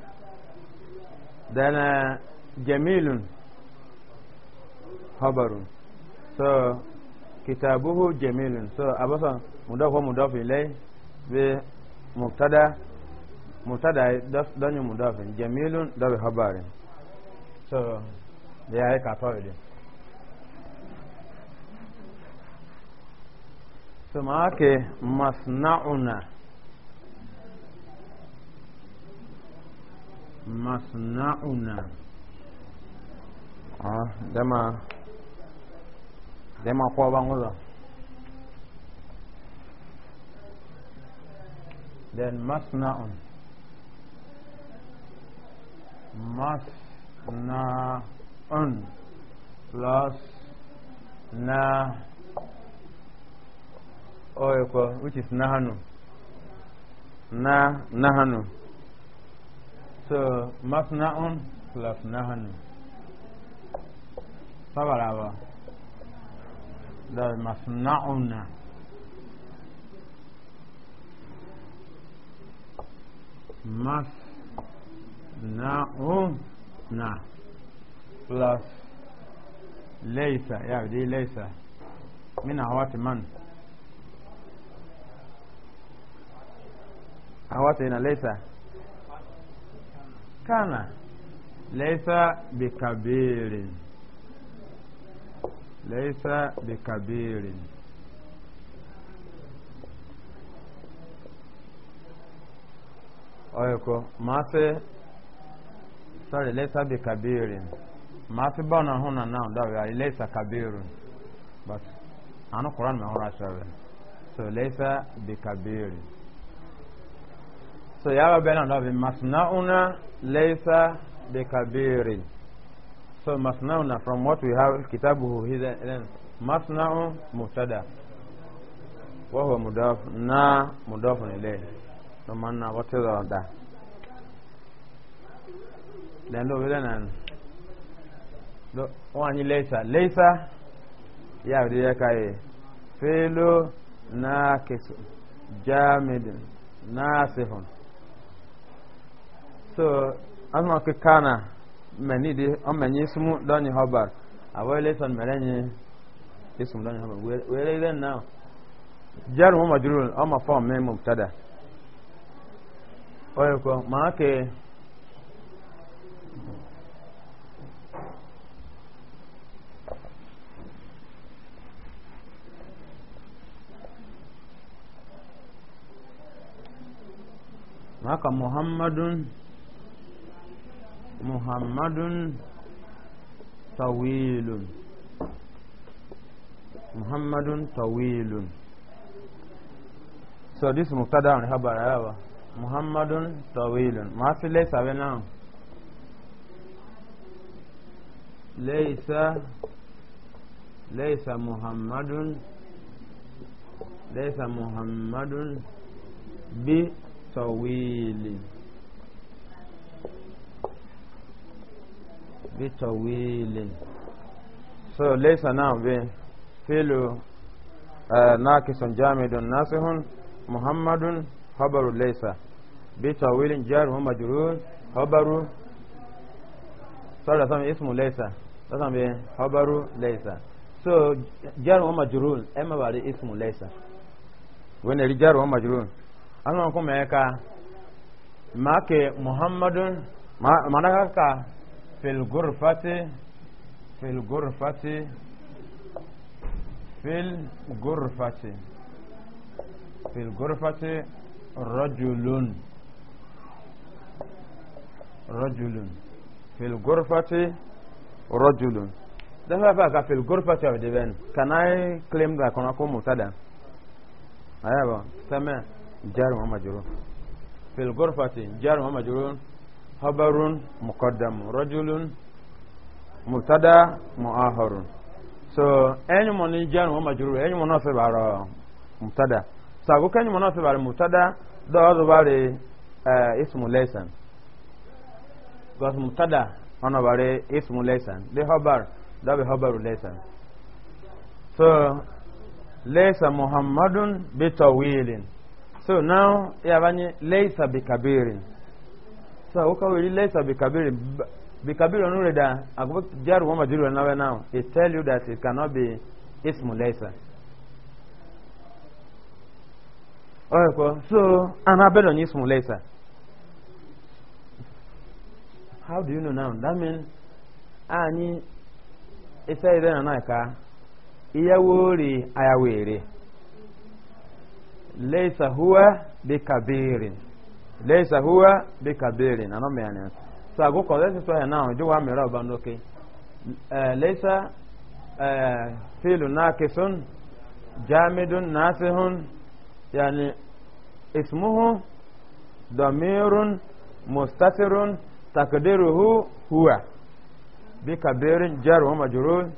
Dana jamilun khabarun so kitabuhu jamilun so abasa mudaf wa mudaf ilay bi mubtada mubtada danyu mudafin jamilun dabi khabarin so ya yi katoide so ma masna'una masna'una ah dama dama ko bangulo then masna'un masna'un plus na ko oh, which is nahanu na nahanu مصنعون خلف نهن طبعا لابا ده مصنعون مثنى نا خلف ليس يا دي ليس من هوات من هوات هنا ليس kana laisa bikabirin laisa bikabirin oyoko masi sorry laisa bikabirin masi bana huna now that we are laisa kabirun but anu quran me hora shawe so laisa bikabirin so yaba bena no bi masnauna laysa bi kabirin so masnauna from what we have kitabu hidan masna'u mubtada wa huwa mudaf na mudaf ilayhi no manna watiza da dan do bena nan do wani laysa laysa ya bi ya kai filu nakis jamid nasihun so asma ke kana meni di o meni sumu doni hobar awo le son merenye isum doni hobar we le then now jar mu majrul o ma fa me mubtada o ko ma ke maka muhammadun محمد طويل محمد طويل so this mubtada on habar yawa muhammadun tawilun masu laisa be now laisa laisa muhammadun laisa muhammadun bi tawilin bitawilin so laysa now be filu nakisun jamidun nasihun muhammadun khabaru laysa bitawilin jaru majrur khabaru sada sama ismu laysa sada be Habaru laysa so jaru majrur emma bari ismu laysa wani rijaru majrur an kuma ya ka make muhammadun ka. filgurfati filgurfati filgurfati filgurfati rajulun rajulun filgurfati rajulun dafa fa ka filgurfati of the ben can i claim that kona ko mutada ayaba sama jar muhammad juro filgurfati jar muhammad juro خبر مقدم رجل مبتدا مؤخر so any money jan wa majrur any munasib ara mubtada so go kan munasib ara mubtada da wazo bare ismu laysan gas mubtada ana bare ismu laysan le khabar da be khabaru laysan so laysa muhammadun bitawilin so now yabani laysa bikabirin so wo ka weli laysa bi kabir bi that I reda akobo jar wa majrur na now they tell you that it cannot be ismu laysa oyo so so am bedo ni ismu laysa how do you know now that mean ani isa ire na na ka iyawo re ayawo ere laysa huwa ليس هو بكبير انا ما يعني ساقو قد سوى هنا جوا مرا بانوكي ليس فيل ناقص جامد ناسه يعني اسمه ضمير مستتر تقديره هو بكبير جر ومجرور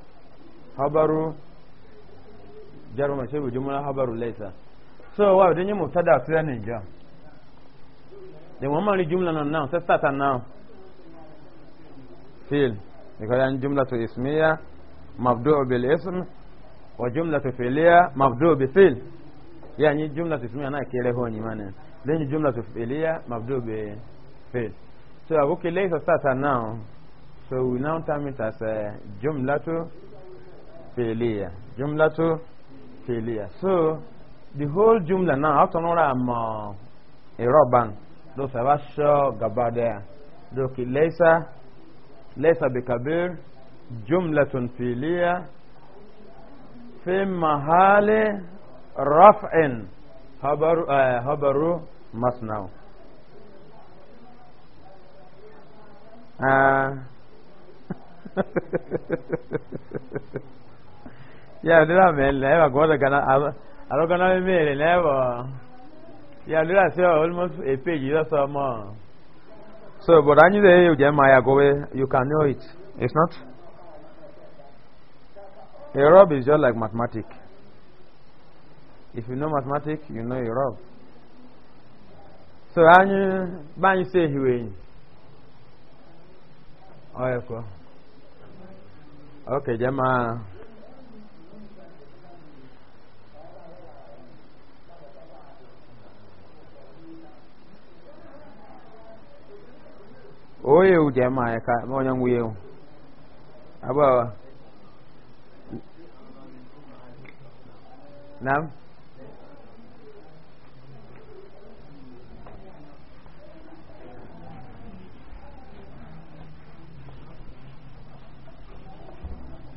خبر جر ومجرور جمله خبر ليس so wa dinyi mubtada tsaya ne ja the woman is jumla non now let's start now feel because then jumla to ismiya mabdu bil ism wa jumla to filia mabdu bi fil yani jumla to ismiya na kile ho ni maana then jumla to filia mabdu bi fil so okay let's start now so we now term it as a eh, jumla to filia jumla to filia so the whole jumla now after all am uh, a robban do sabasho gaba daya doki laisa laisa bi kabir jumlatun filiya fi mahali raf'in habaru, uh, habaru masnau ya dira me leva guarda kana a lo kana me leva Yeah, did I say almost a page That's so more? So, but any day you you get my you can know it. It's not. Arab is just like mathematics. If you know mathematics, you know Arab. So, any, knew, but you say he win. Oh, okay. Okay, Jemma. oye u jamaa ka monya nguye abawa nam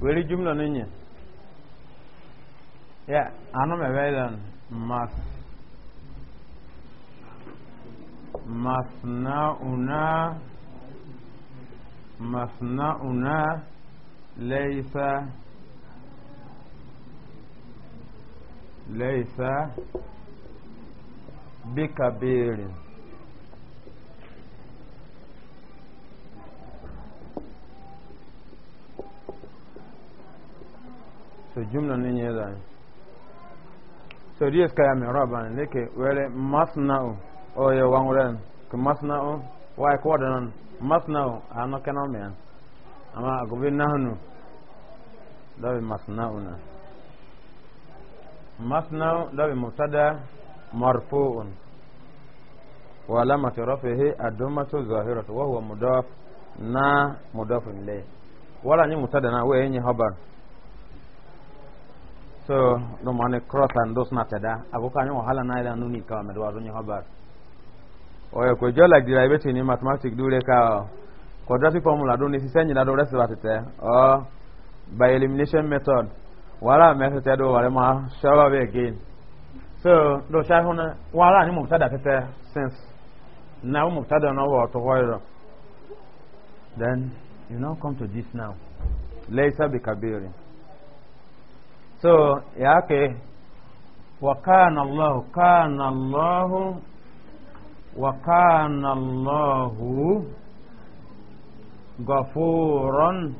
weli jumla ninye ya ano mewelan mas masnauna مصنعنا ليس ليس بكبير so jumla ne nye zan so dies kaya mi raban leke wele masna'u o ye wangulen ke masna'u wa ko waɗanon masnau ano kenome an amma agobe nahnu ɗoɓe masnauna masnau ɗoɓe mubtada marfu'un wa alamati rafihi adummatu zahiratu wa huwa mudaf na mudafu ilayhi wala ni mubtada na we yenye habar so ɗum ani cross and dos na teda agoka ah. ni wahala na ila nuni kawa medwaɗo ni habar oyo kwejo like derivative in mathematics do dure ka quadratic formula do not need to ni sisenyi na do resi batete or by elimination method wala method do wala ma shawa be again so do sha hona wala ni that tete since na mubtada no wa to hoyo then you now come to this now later be kabiri so yake wa kana allah kana allah وكان الله غفورا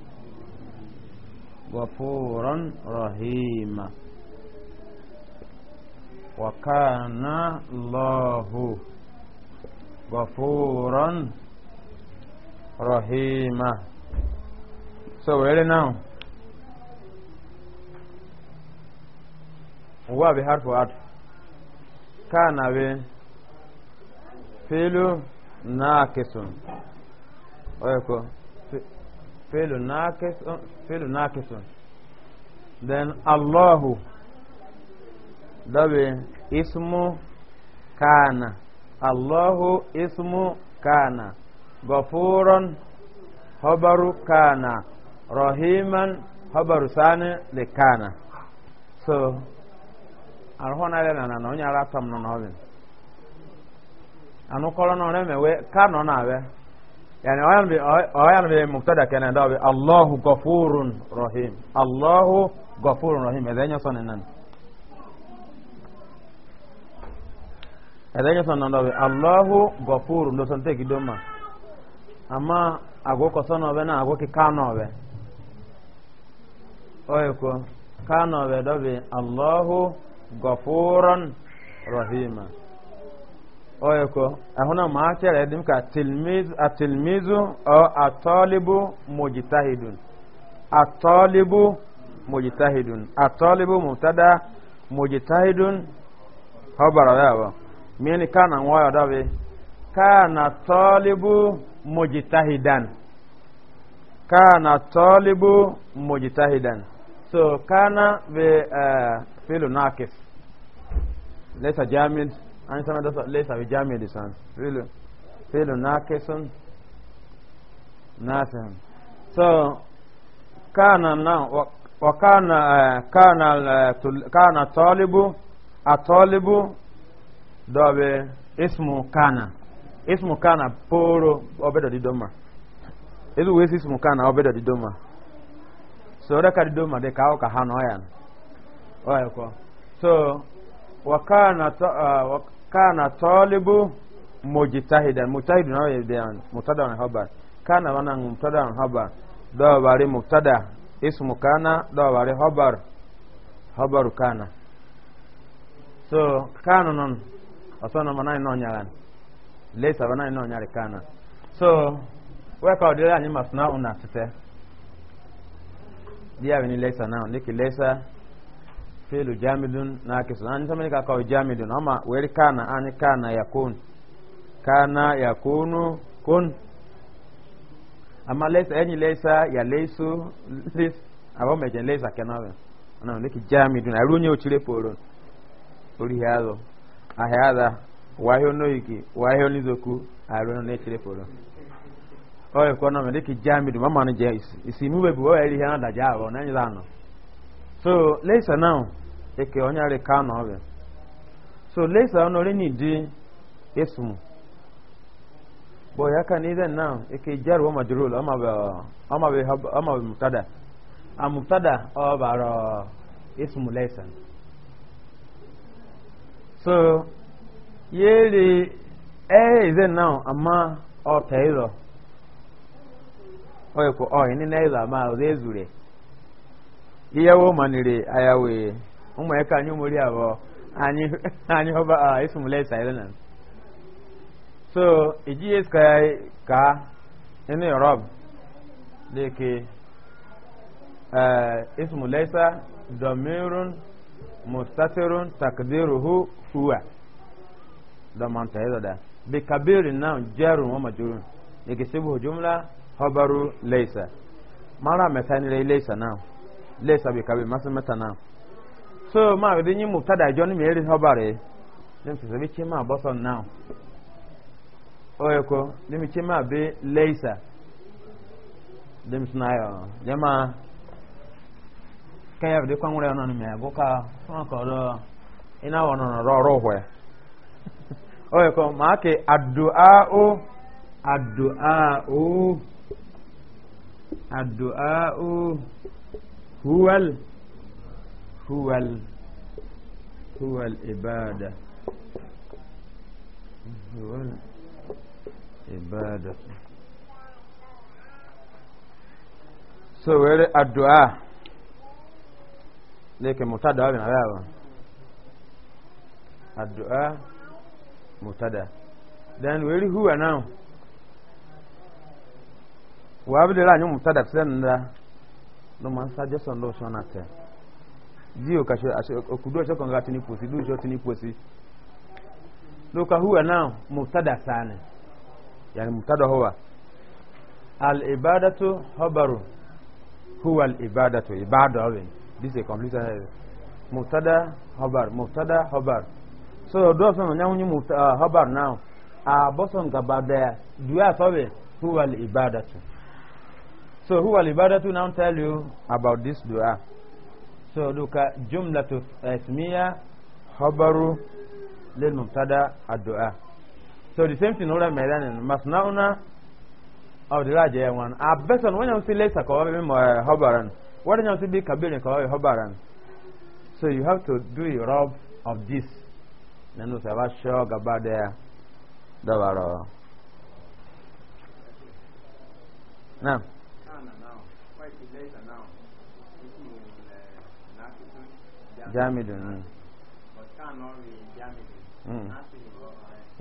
غفورا رحيما وكان الله غفورا رحيما so where now هو بحرف عطف كان به filu nakisun oyeko filu nakisun filu nakisun then allahu dabe ismu kana allahu ismu kana gafurun habaru kana rahiman habaru sani li so arhona lena na onye ara tam no no anukọrọ na ọrẹ mẹwẹ ká nọ na abẹ yani ọyàn bẹ muktada kẹnẹ dọ bẹ allahu gafurun rahim allahu gafurun rahim ẹdẹ ẹnyẹ sọni nan ẹdẹ ẹnyẹ sọni nan dọ bẹ allahu gafurun lọsọn tẹ gido ma ama agbo kọsọ na ọbẹ na agbo kí ká nọ ọbẹ ọyẹ kọ ká nọ ọbẹ dọ bẹ allahu gafurun rahim. oyoko ahuna maachara edim ka tilmiz atilmizu o atalibu mujtahidun atalibu mujtahidun atalibu mubtada mujtahidun habara dawa mieni kana ngoyo dawe kana talibu mujtahidan kana talibu mujtahidan so kana be uh, eh, filu nakis leta jamid an sana da laisa bi jami'a lisan filin filin na kesun nasin so kana na wa kana kana eh, kana eh, talibu a talibu dobe ismu kana ismu kana poro obedo di doma ezu we ismu kana obedo di doma so da ka di doma de kawo ka so wa kana uh, kana talibu mujtahidan mujtahidun aw yabdan mubtada'un haba kana wana mubtada'un haba da bari mutada ismu kana da bari habar habaru kana so kana non asana mana ino nyaran lesa bana ino nyare kana so we ka odira anyi masna una tete dia ni lesa now niki lesa fi'lu jamidun nakisun ani samani ka kawo jamidun ama weli kana ani kana yakun kana yakunu kun ama leisa yani leisa ya leisu lis abo meje leisa kenawe ana leki jamidun arunye uchire poron ori hado ahada wahyo noiki wahyo nizoku arunye ne chire poron oyo kono me leki jamidun mama ni je isimu bebu wa eri hana daja abo nanyi zano so later now eke onye arị ka na ọbịa so later ọ nọrọ enyi di esum bọ ya ka na izen now eke jaru ọma jirol ọma bụ ọma bụ mutada a mutada ọ bara esum later so yeri ee izen now ama ọ ta ịlọ ọ ekwu ọ na ịlọ ama ọ ezure. iyawo manire ayawe ụmụ ya ka anyị mori abụọ anyị họba a ah, esumule silent so iji yes ka ka inu yorob leke esumule eh, sa domirun mustatirun takdiruhu huwa da manta ya da bi kabirin nan jerun wa majurun yake sibu jumla habaru laisa mara metanire laisa now lesa bi kabe masu matana so ma bi yin mubtada joni me yeri hobare dem fi zabi kema boson now oye ko dem kema be lesa dem snayo jama kaya bi kwangure onon me go ka so ko do ina [LAUGHS] ko ma ke o o a o هو ال هو ال هو الإبادة هو الإبادة so were addu'a leke mutada bin alawa addu'a mutada then were huwa now wa abdullah ni mutada sen da ló máa ń sájọ́ sọ̀n ló ṣọ́nà tẹ̀ dí òkàṣọ òkùdó ọ̀ṣọ́ kan ga ti ní pòsí dú ìṣọ́ ti ní pòsí lóka huwa náà mùtádà sáni yàrá mùtádà huwa al-ibadatu hobaru huwa al-ibadatu ibada ọ̀rìn this is a complete sentence mùtádà hobar mùtádà hobar so ọ̀dọ́ sọ̀nà nyáwó ní mùtádà hobar náà àbọ̀sọ̀ nǹkan bá dẹ̀ dùwẹ́ huwa al-ibadatu. So who will Ibadatu now tell you about this dua? So at jumlatu ismiya habaru lil mumtada ad-du'a. So the same thing over maidan and masnauna of the raja one. A person when you see later ko be mo habaran. What you see be kabir ko be habaran. So you have to do your rub of this. Then have a shog about there. Dabaro. Now. Jamidun. But eh. can not read Jamidun.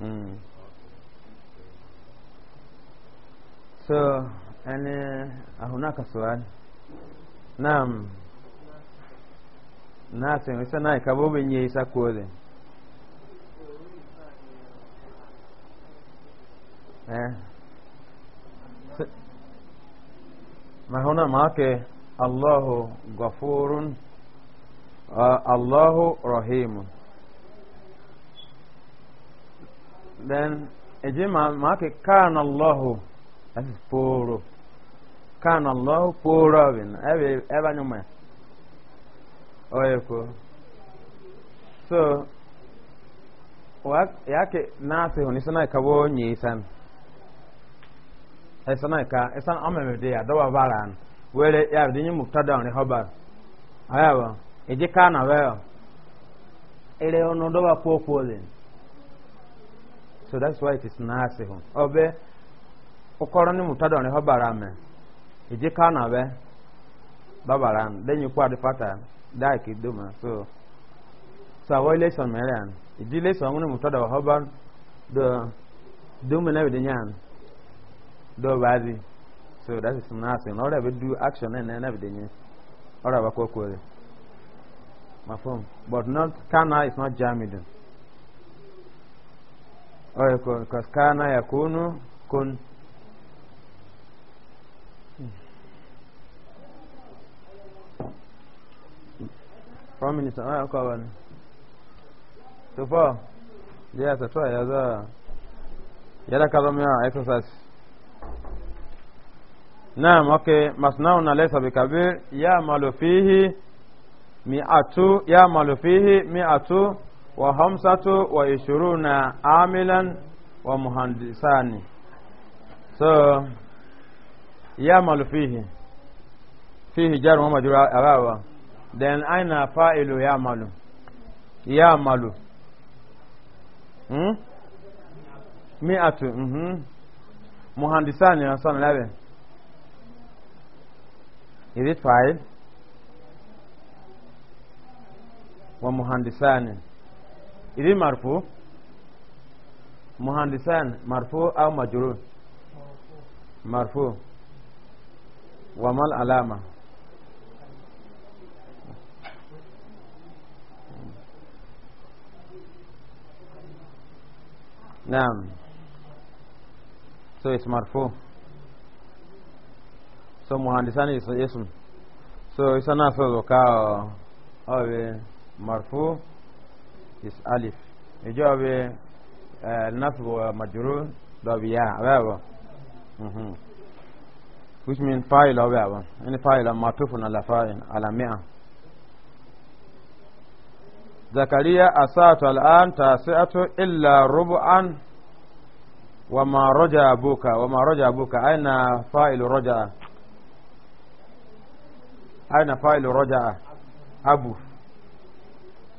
Mm. Mm. So, yani hunaka swali. Naam. Nothing. Sana ikabobe nye isa kuode. Eh. Mahona maake Allahu ghafurun Allahu Rahim. Then ejima maake kan Allahu that is Allahu poro bin ebe ebe anyuma. Oyeko. So wa yake nasi honi sana kabo nyisan. Esana ka esan amemede ya dawa baran. Were ya dinyi muktada ni hobar. eje ka na well ire ono do ba ole so that's why it is nasihun obe ukoro ni mutado ni hobara me eje ka na we babara then you kwa dipata like idoma so so avoid lesson merian eje lesson ni mutado wa hobar do do me na we nyan do bazi so that is nasihun ora be do action na na be nyan ora ba kwa mafhum but not kana is not jamid oh because kana yakunu kun prime minister aya ah, kwa bana so far yes that's why yaza yada kalamia exercise naam okay masnauna laysa bikabir ya malu fihi mi'atu ya'malu fihi mi'atu wa hamsatu wa ishuruna amilan wa muhandisani so ya'malu fihi fihi jar wa majrur abawa then aina fa'ilu ya'malu ya'malu hmm mi'atu mhm muhandisani sana labe is it five wa muhandisani ili marfu muhandisan marfu au majru marfu wa mal alama Naam. So is marfu. So muhandisani is ism. So it's anafazo kao. Oh, oh, yeah. مرفوع اس ألف اجاب آه، النصب ومجرور ده بياء بابا which mean فاعل أو بابا يعني فاعل معطوف على فاعل على مئة زكريا اسات الآن تاسعة إلا ربعا وما رجع أبوك وما رجع أبوك أين فاعل رجع أين فاعل رجع أبو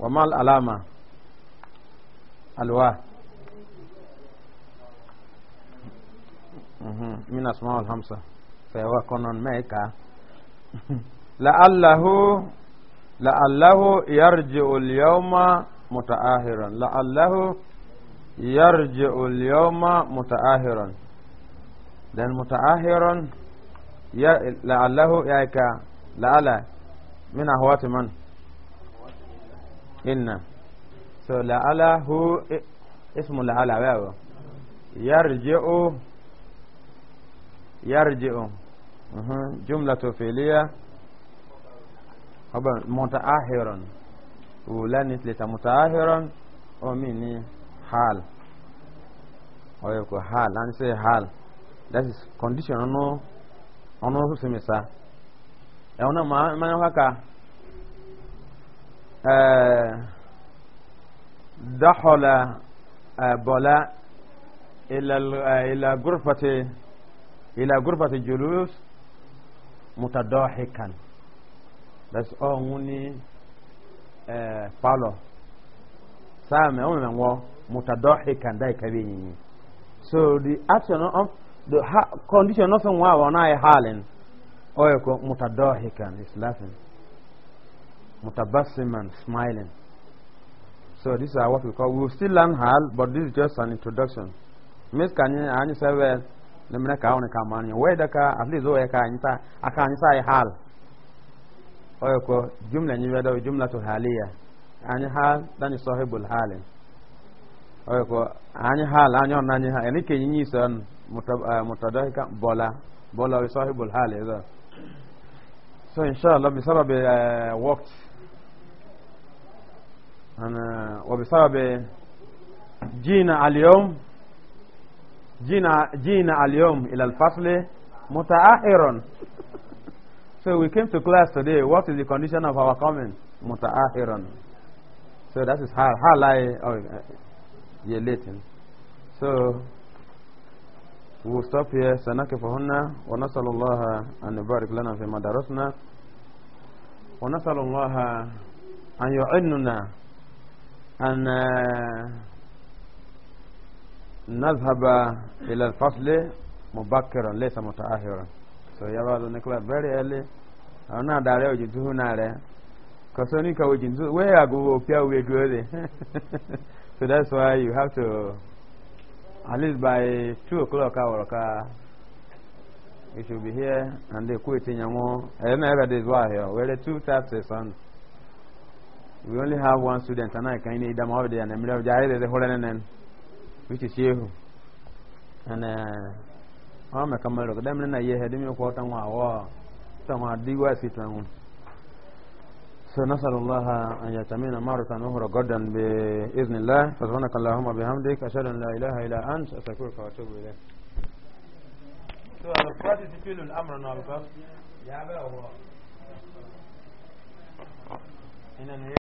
وما العلامة الواه من أسماء الهمسة فهو كنون ميكا [LAUGHS] لعله لعله يرجع اليوم متآهرا لعله يرجع اليوم متآهرا لأن متآهرا لعله يأكا لعله من أهوات من؟ inna so la'ala hu ismu la'ala wawo yarji'u yarji'u mm-hmm. jumlatu fi'liya haba mutaahiran ulanis li mutaahiran o mini hal oyo ko hal an say hal that is condition ono ono su semisa e ona ma ma haka دخل إلى إلى غرفة إلى غرفة الجلوس متضاحكا بس فالو سامي من متضاحكا so the action of the condition of one halen oyoko is laughing mutabassim smiling. So this is what we call. We will still learn hal, but this is just an introduction. Miss Kanye, I you say, well, let me know how many where the car, at least where can you I can say hal. Oh, you jumla ni wada jumla to halia. Any hal, then you sahibul halin. Oh, you any hal, any on any hal, any can you son, uh, mutadahika bola, bola with sahibul hali. So inshallah, we bisabab be uh, worked ana wabisabab jina alyom jina jina alyom ila alfasli mutaahiron so we came to class today what is the condition of our coming mutaahiron so that is how how lie oh, yeah, latin so we'll stop here sanakifahunna wa nasalu allah an yubarik wa nasalu an yu'innuna أن نذهب إلى الفصل مبكرا ليس متأخرا so yaba zo nikla very early ana dare oji tu hunare ko so ni ka oji tu we ya go opia we go de so that's why you have to at least by 2 o'clock hour ka you should be here and they quit in yamo e na ebe de zwa here we taps we only have one student and I can eat them over there and I'm going to the whole and which is you and uh I'm a camera them and I had him quote on wow somehow do are sit so نسأل الله أن يتمينا مرة أخرى غدا بإذن الله سبحانك اللهم وبحمدك أشهد أن لا إله إلا أنت أستغفرك وأتوب So, what is the feeling Amra now? Because, yeah, well, in